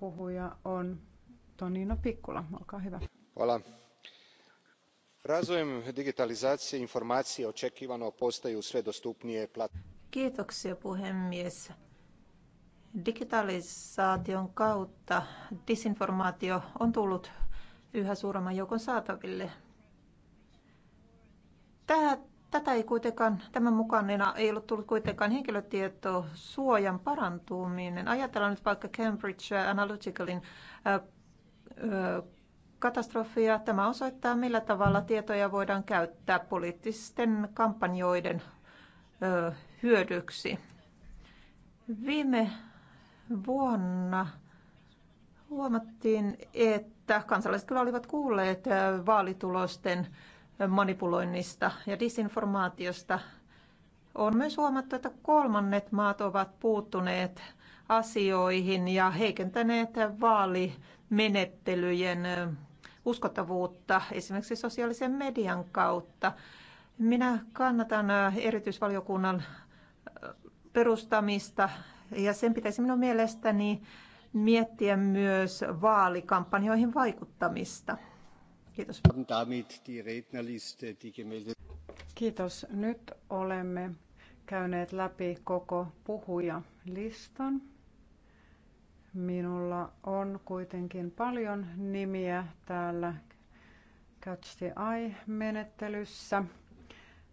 puhuja on Tonino Pikkula, olkaa hyvä. Hvala. Razvojem digitalizacije informacije očekivano postaju sve dostupnije Kiitoksia puhemies. Digitalisaation kautta disinformaatio on tullut yhä suuremman joukon saataville. Tää, tätä ei kuitenkaan, tämän mukana ei ollut tullut kuitenkaan henkilötietosuojan parantuminen. Ajatellaan nyt vaikka Cambridge Analyticalin äh, katastrofia. Tämä osoittaa, millä tavalla tietoja voidaan käyttää poliittisten kampanjoiden hyödyksi. Viime vuonna huomattiin, että kansalaiset kyllä olivat kuulleet vaalitulosten manipuloinnista ja disinformaatiosta on myös huomattu, että kolmannet maat ovat puuttuneet asioihin ja heikentäneet vaalimenettelyjen uskottavuutta esimerkiksi sosiaalisen median kautta. Minä kannatan äh, erityisvaliokunnan äh, perustamista ja sen pitäisi minun mielestäni miettiä myös vaalikampanjoihin vaikuttamista. Kiitos. Kiitos. Nyt olemme käyneet läpi koko puhujalistan. Minulla on kuitenkin paljon nimiä täällä Catch the Eye-menettelyssä.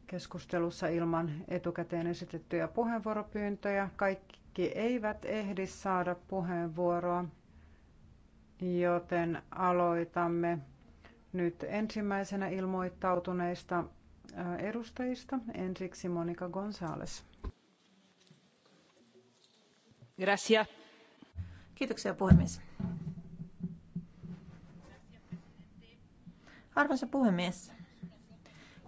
Keskustelussa ilman etukäteen esitettyjä puheenvuoropyyntöjä. Kaikki eivät ehdi saada puheenvuoroa, joten aloitamme nyt ensimmäisenä ilmoittautuneista Äh, edustajista. Ensiksi Monika González. Gracias. Kiitoksia puhemies. Arvoisa puhemies,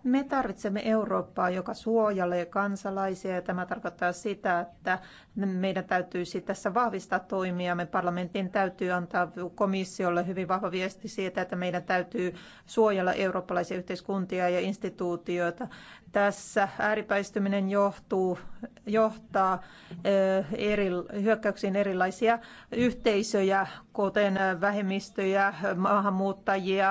me tarvitsemme Eurooppaa, joka suojelee kansalaisia ja tämä tarkoittaa sitä, että meidän täytyisi tässä vahvistaa toimia. Me parlamentin täytyy antaa komissiolle hyvin vahva viesti siitä, että meidän täytyy suojella eurooppalaisia yhteiskuntia ja instituutioita. Tässä ääripäistyminen johtuu johtaa eh, eri, hyökkäyksiin erilaisia yhteisöjä, kuten eh, vähemmistöjä, maahanmuuttajia,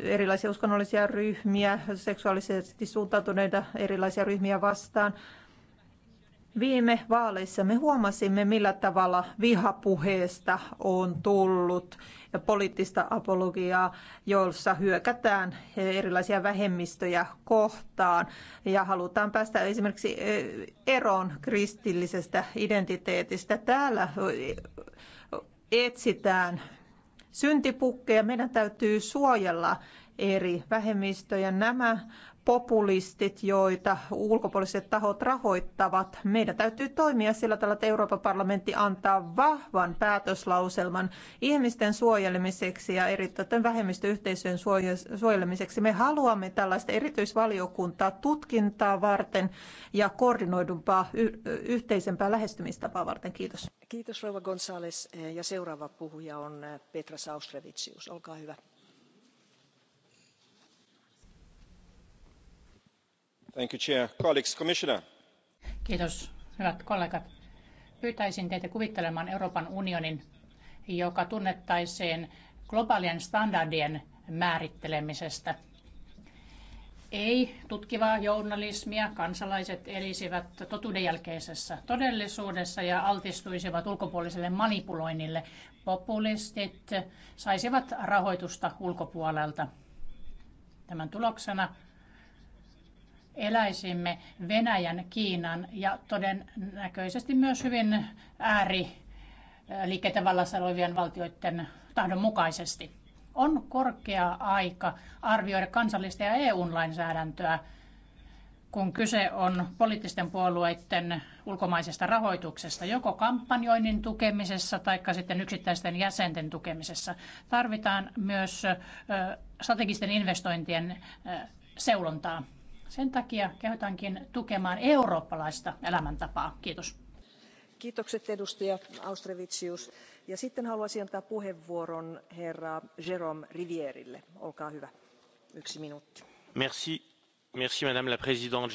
eh, erilaisia uskonnollisia ryhmiä, seksuaalisesti suuntautuneita erilaisia ryhmiä vastaan. Viime vaaleissa me huomasimme, millä tavalla vihapuheesta on tullut poliittista apologiaa, jossa hyökätään erilaisia vähemmistöjä kohtaan ja halutaan päästä esimerkiksi eroon kristillisestä identiteetistä. Täällä etsitään syntipukkeja. Meidän täytyy suojella eri vähemmistöjä. Nämä populistit, joita ulkopuoliset tahot rahoittavat. Meidän täytyy toimia sillä tavalla, että Euroopan parlamentti antaa vahvan päätöslauselman ihmisten suojelemiseksi ja erityisen vähemmistöyhteisöjen suojelemiseksi. Me haluamme tällaista erityisvaliokuntaa tutkintaa varten ja koordinoidumpaa yhteisempää lähestymistapaa varten. Kiitos. Kiitos Rova González ja seuraava puhuja on eh, Petra Saustrevicius. Olkaa hyvä. Kiitos, hyvät kollegat. Pyytäisin teitä kuvittelemaan Euroopan unionin, joka tunnettaisiin globaalien standardien määrittelemisestä. Ei tutkivaa journalismia, kansalaiset elisivät totuudenjälkeisessä todellisuudessa ja altistuisivat ulkopuoliselle manipuloinnille. Populistit saisivat rahoitusta ulkopuolelta. Tämän tuloksena eläisimme Venäjän, Kiinan ja todennäköisesti myös hyvin ääri liikkeiden vallassa olevien valtioiden tahdon mukaisesti. On korkea aika arvioida kansallista ja EU-lainsäädäntöä, kun kyse on poliittisten puolueiden ulkomaisesta rahoituksesta, joko kampanjoinnin tukemisessa tai sitten yksittäisten jäsenten tukemisessa. Tarvitaan myös strategisten investointien seulontaa. Sen takia kehotankin tukemaan eurooppalaista elämäntapaa. Kiitos. Kiitokset edustaja Austrevitsius. Ja sitten haluaisin antaa puheenvuoron herra Jerome Rivierille. Olkaa hyvä. Yksi minuutti. Merci. Merci, madame la présidente.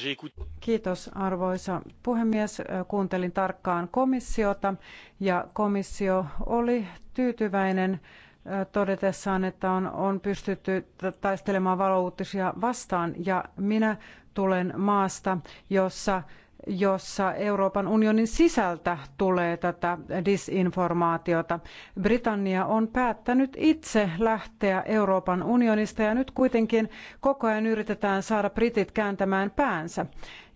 Kiitos arvoisa puhemies. Kuuntelin tarkkaan komissiota ja komissio oli tyytyväinen todetessaan, että on, on pystytty taistelemaan valouutisia vastaan. Ja minä tulen maasta, jossa jossa Euroopan unionin sisältä tulee tätä disinformaatiota. Britannia on päättänyt itse lähteä Euroopan unionista ja nyt kuitenkin koko ajan yritetään saada britit kääntämään päänsä.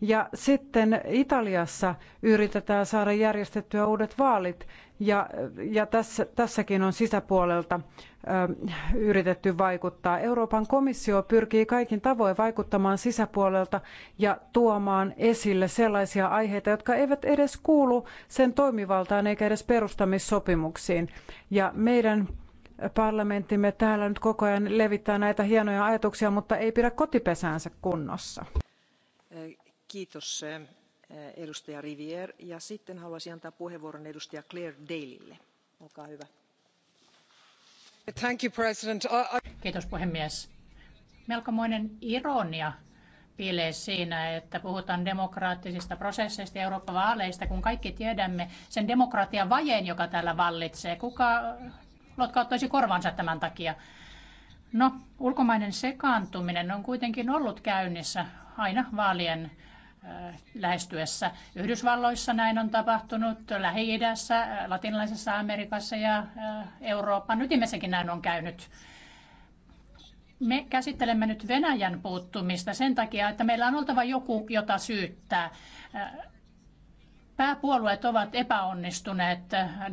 Ja sitten Italiassa yritetään saada järjestettyä uudet vaalit ja, ja tässä, tässäkin on sisäpuolelta ö, yritetty vaikuttaa. Euroopan komissio pyrkii kaikin tavoin vaikuttamaan sisäpuolelta ja tuomaan esille sellaisia aiheita, jotka eivät edes kuulu sen toimivaltaan eikä edes perustamissopimuksiin. Ja meidän parlamenttimme täällä nyt koko ajan levittää näitä hienoja ajatuksia, mutta ei pidä kotipesäänsä kunnossa. Kiitos Eh, edustaja Rivière. Ja sitten haluaisin antaa puheenvuoron edustaja Claire Dalylle. Olkaa hyvä. Kiitos puhemies. Melkomoinen ironia piilee siinä, että puhutaan demokraattisista prosesseista ja Euroopan vaaleista, kun kaikki tiedämme sen demokratian vajeen, joka täällä vallitsee. Kuka lotkauttaisi korvansa tämän takia? No, ulkomainen sekaantuminen on kuitenkin ollut käynnissä aina vaalien lähestyessä. Yhdysvalloissa näin on tapahtunut, Lähi-idässä, Latinalaisessa Amerikassa ja Euroopan ytimessäkin näin on käynyt. Me käsittelemme nyt Venäjän puuttumista sen takia, että meillä on oltava joku, jota syyttää pääpuolueet ovat epäonnistuneet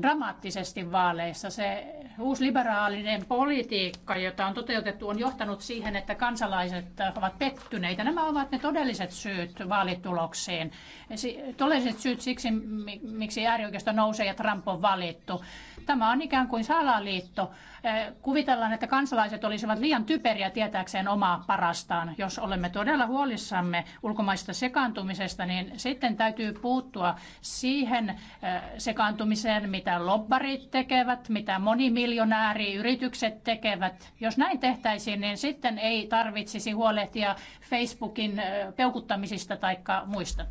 dramaattisesti vaaleissa. Se uusliberaalinen politiikka, jota on toteutettu, on johtanut siihen, että kansalaiset ovat pettyneitä. Nämä ovat ne todelliset syyt vaalitulokseen. Todelliset syyt siksi, miksi äärioikeisto nousee ja Trump on valittu. Tämä on ikään kuin salaliitto. Eh, kuvitellaan, että kansalaiset olisivat liian typeriä tietääkseen omaa parastaan. Jos olemme todella huolissamme ulkomaista sekaantumisesta, niin sitten täytyy puuttua siihen äh, sekaantumiseen, mitä lobbarit tekevät, mitä monimiljonääriyritykset tekevät. Jos näin tehtäisiin, niin sitten ei tarvitsisi huolehtia Facebookin äh, peukuttamisista tai muista.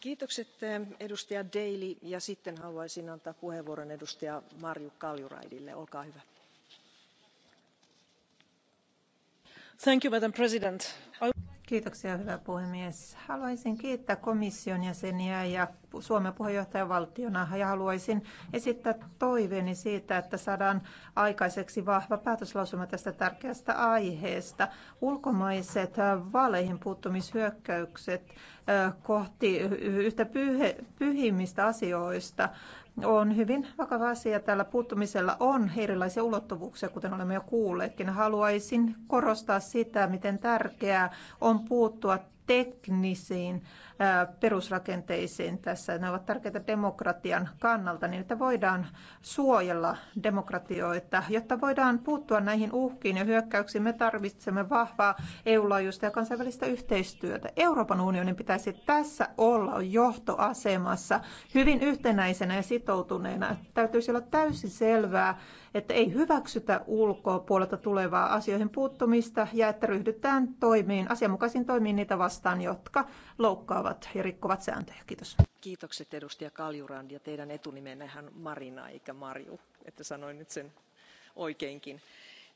Kiitokset äh, edustaja Daily ja sitten haluaisin antaa puheenvuoron edustaja Marju Kaljuraidille. Olkaa hyvä. Thank you, Madam President. I... Kiitoksia, hyvä puhemies. Haluaisin kiittää komission jäseniä ja Suomen puheenjohtajavaltiona ja haluaisin esittää toiveeni siitä, että saadaan aikaiseksi vahva päätöslausuma tästä tärkeästä aiheesta. Ulkomaiset äh, vaaleihin puuttumishyökkäykset äh, kohti yhtä pyhimmistä asioista on hyvin vakava asia. Tällä puuttumisella on erilaisia ulottuvuuksia, kuten olemme jo kuulleetkin. Haluaisin korostaa sitä, miten tärkeää on puuttua teknisiin perusrakenteisiin tässä. Ne ovat tärkeitä demokratian kannalta, niin että voidaan suojella demokratioita. Jotta voidaan puuttua näihin uhkiin ja hyökkäyksiin, me tarvitsemme vahvaa EU-laajuista ja kansainvälistä yhteistyötä. Euroopan unionin pitäisi tässä olla johtoasemassa hyvin yhtenäisenä ja sitoutuneena. Täytyisi olla täysin selvää, että ei hyväksytä ulkopuolelta tulevaa asioihin puuttumista ja että ryhdytään toimiin, asianmukaisiin toimiin niitä vastaan, jotka loukkaavat rikkovat ja rikkovat sääntöjä. Kiitos. Kiitokset edustaja Kaljurand ja teidän etunimennehän Marina eikä Marju, että sanoin nyt sen oikeinkin.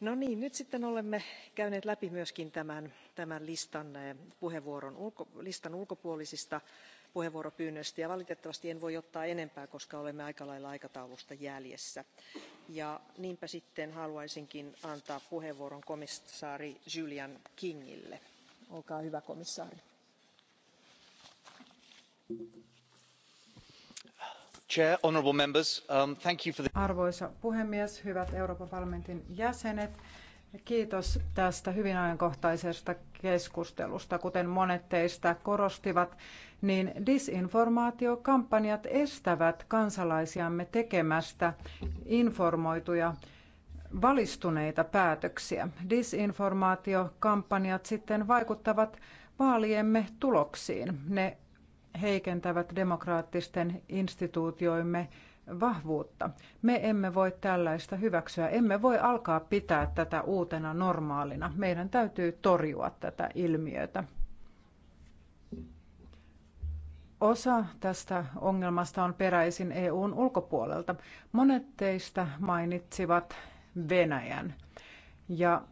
No niin, nyt sitten olemme käyneet läpi myöskin tämän, tämän listan, eh, puheenvuoron ulko, listan ulkopuolisista puheenvuoropyynnöistä ja valitettavasti en voi ottaa enempää, koska olemme aika lailla aikataulusta jäljessä. Ja niinpä sitten haluaisinkin antaa puheenvuoron komissaari Julian Kingille. Olkaa hyvä komissaari Um, Arvoisa puhemies, hyvät Euroopan parlamentin jäsenet, kiitos tästä hyvin ajankohtaisesta keskustelusta. Kuten monet teistä korostivat, niin disinformaatiokampanjat estävät kansalaisiamme tekemästä informoituja valistuneita päätöksiä. Disinformaatiokampanjat sitten vaikuttavat vaaliemme tuloksiin. Ne heikentävät demokraattisten instituutioimme vahvuutta. Me emme voi tällaista hyväksyä. Emme voi alkaa pitää tätä uutena normaalina. Meidän täytyy torjua tätä ilmiötä. Osa tästä ongelmasta on peräisin EUn ulkopuolelta. Monet teistä mainitsivat Venäjän. Ja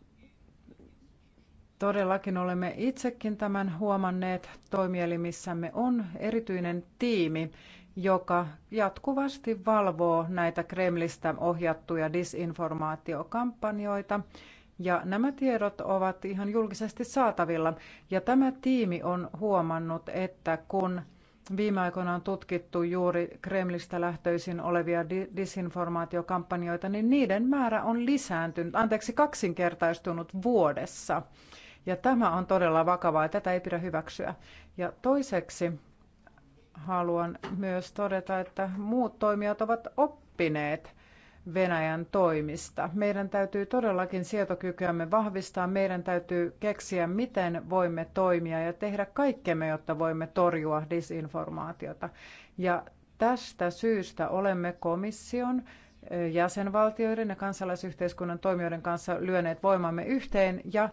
Todellakin olemme itsekin tämän huomanneet. Toimielimissämme on erityinen tiimi, joka jatkuvasti valvoo näitä Kremlistä ohjattuja disinformaatiokampanjoita. Ja nämä tiedot ovat ihan julkisesti saatavilla. Ja tämä tiimi on huomannut, että kun viime aikoina on tutkittu juuri Kremlistä lähtöisin olevia disinformaatiokampanjoita, niin niiden määrä on lisääntynyt, anteeksi kaksinkertaistunut vuodessa. Ja tämä on todella vakavaa ja tätä ei pidä hyväksyä. Ja toiseksi haluan myös todeta, että muut toimijat ovat oppineet Venäjän toimista. Meidän täytyy todellakin sietokykyämme vahvistaa. Meidän täytyy keksiä, miten voimme toimia ja tehdä kaikkemme, jotta voimme torjua disinformaatiota. Ja tästä syystä olemme komission eh, jäsenvaltioiden ja kansalaisyhteiskunnan toimijoiden kanssa lyöneet voimamme yhteen ja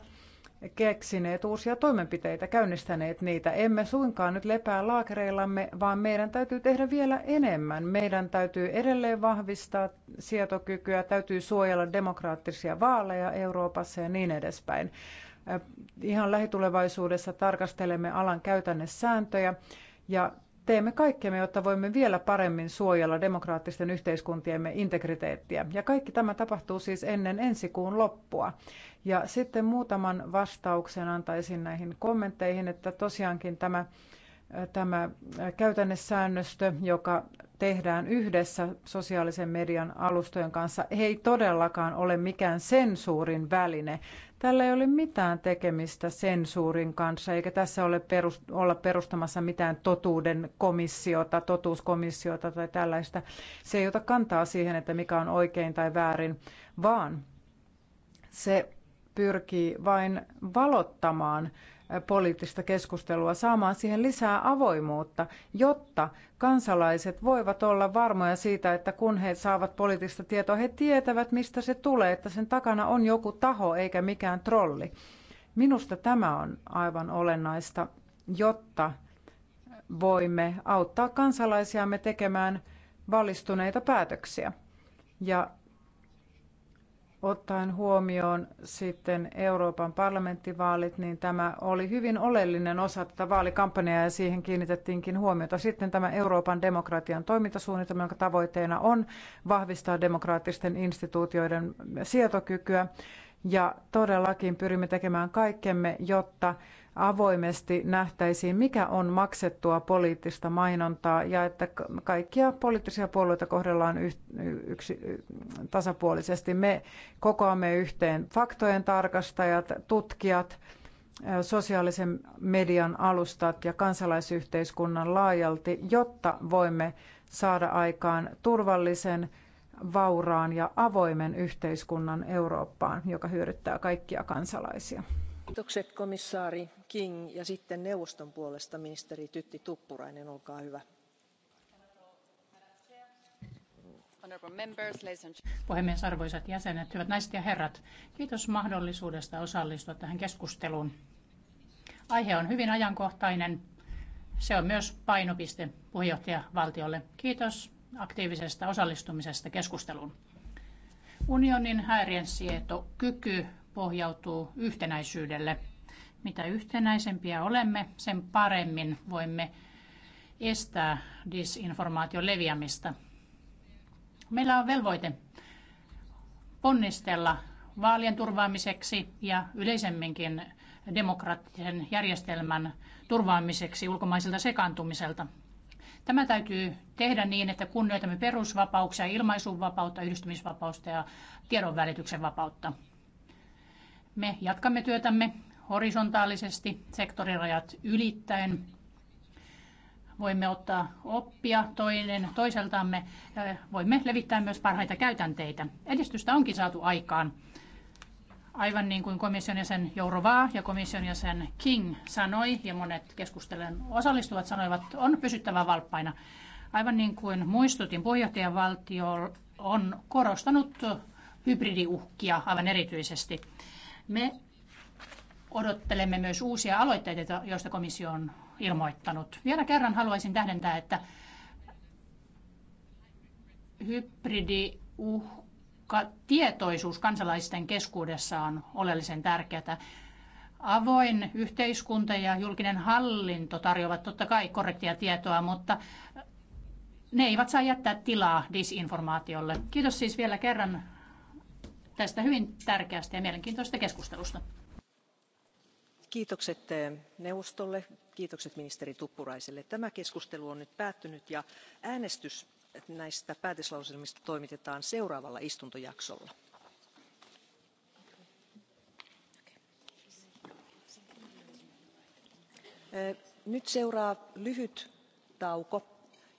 keksineet uusia toimenpiteitä, käynnistäneet niitä. Emme suinkaan nyt lepää laakereillamme, vaan meidän täytyy tehdä vielä enemmän. Meidän täytyy edelleen vahvistaa sietokykyä, täytyy suojella demokraattisia vaaleja Euroopassa ja niin edespäin. Äh, ihan lähitulevaisuudessa tarkastelemme alan käytännössääntöjä ja Teemme kaikkemme, jotta voimme vielä paremmin suojella demokraattisten yhteiskuntiemme integriteettiä. Ja kaikki tämä tapahtuu siis ennen ensi kuun loppua. Ja sitten muutaman vastauksen antaisin näihin kommentteihin, että tosiaankin tämä, tämä käytännessäännöstö, joka tehdään yhdessä sosiaalisen median alustojen kanssa, ei todellakaan ole mikään sensuurin väline. Tällä ei ole mitään tekemistä sensuurin kanssa, eikä tässä ole perust- olla perustamassa mitään totuuden komissiota, totuuskomissiota tai tällaista. Se ei ota kantaa siihen, että mikä on oikein tai väärin, vaan se pyrkii vain valottamaan poliittista keskustelua, saamaan siihen lisää avoimuutta, jotta kansalaiset voivat olla varmoja siitä, että kun he saavat poliittista tietoa, he tietävät, mistä se tulee, että sen takana on joku taho eikä mikään trolli. Minusta tämä on aivan olennaista, jotta voimme auttaa kansalaisiamme tekemään valistuneita päätöksiä. Ja ottaen huomioon sitten Euroopan parlamenttivaalit, niin tämä oli hyvin oleellinen osa tätä vaalikampanjaa ja siihen kiinnitettiinkin huomiota. Sitten tämä Euroopan demokratian toimintasuunnitelma, jonka tavoitteena on vahvistaa demokraattisten instituutioiden sietokykyä. Ja todellakin pyrimme tekemään kaikkemme, jotta avoimesti nähtäisiin, mikä on maksettua poliittista mainontaa ja että kaikkia poliittisia puolueita kohdellaan yksi, tasapuolisesti. Me kokoamme yhteen faktojen tarkastajat, tutkijat, sosiaalisen median alustat ja kansalaisyhteiskunnan laajalti, jotta voimme saada aikaan turvallisen, vauraan ja avoimen yhteiskunnan Eurooppaan, joka hyödyttää kaikkia kansalaisia. Kiitokset komissaari King ja sitten neuvoston puolesta ministeri Tytti Tuppurainen, olkaa hyvä. Puhemies, arvoisat jäsenet, hyvät naiset ja herrat, kiitos mahdollisuudesta osallistua tähän keskusteluun. Aihe on hyvin ajankohtainen. Se on myös painopiste puheenjohtajavaltiolle. Kiitos aktiivisesta osallistumisesta keskusteluun. Unionin häiriönsietokyky pohjautuu yhtenäisyydelle. Mitä yhtenäisempiä olemme, sen paremmin voimme estää disinformaation leviämistä. Meillä on velvoite ponnistella vaalien turvaamiseksi ja yleisemminkin demokraattisen järjestelmän turvaamiseksi ulkomaisilta sekaantumiselta. Tämä täytyy tehdä niin, että kunnioitamme perusvapauksia, ilmaisunvapautta, yhdistymisvapautta ja tiedonvälityksen vapautta. Me jatkamme työtämme horisontaalisesti sektorirajat ylittäen. Voimme ottaa oppia toinen toiseltamme. Voimme levittää myös parhaita käytänteitä. Edistystä onkin saatu aikaan. Aivan niin kuin komission jäsen Jourovaa ja komission jäsen King sanoi, ja monet keskustelun osallistuvat sanoivat, on pysyttävä valppaina. Aivan niin kuin muistutin, puheenjohtajavaltio on korostanut hybridiuhkia aivan erityisesti. Me odottelemme myös uusia aloitteita, joista komissio on ilmoittanut. Vielä kerran haluaisin tähdentää, että hybridiuhka, tietoisuus kansalaisten keskuudessa on oleellisen tärkeää. Avoin yhteiskunta ja julkinen hallinto tarjoavat totta kai korrektia tietoa, mutta ne eivät saa jättää tilaa disinformaatiolle. Kiitos siis vielä kerran tästä hyvin tärkeästä ja mielenkiintoisesta keskustelusta. Kiitokset eh, neuvostolle, kiitokset ministeri Tuppuraiselle. Tämä keskustelu on nyt päättynyt ja äänestys näistä päätöslauselmista toimitetaan seuraavalla istuntojaksolla. Eh, nyt seuraa lyhyt tauko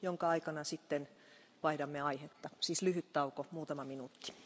jonka aikana sitten vaihdamme aihetta siis lyhyt tauko muutama minuutti.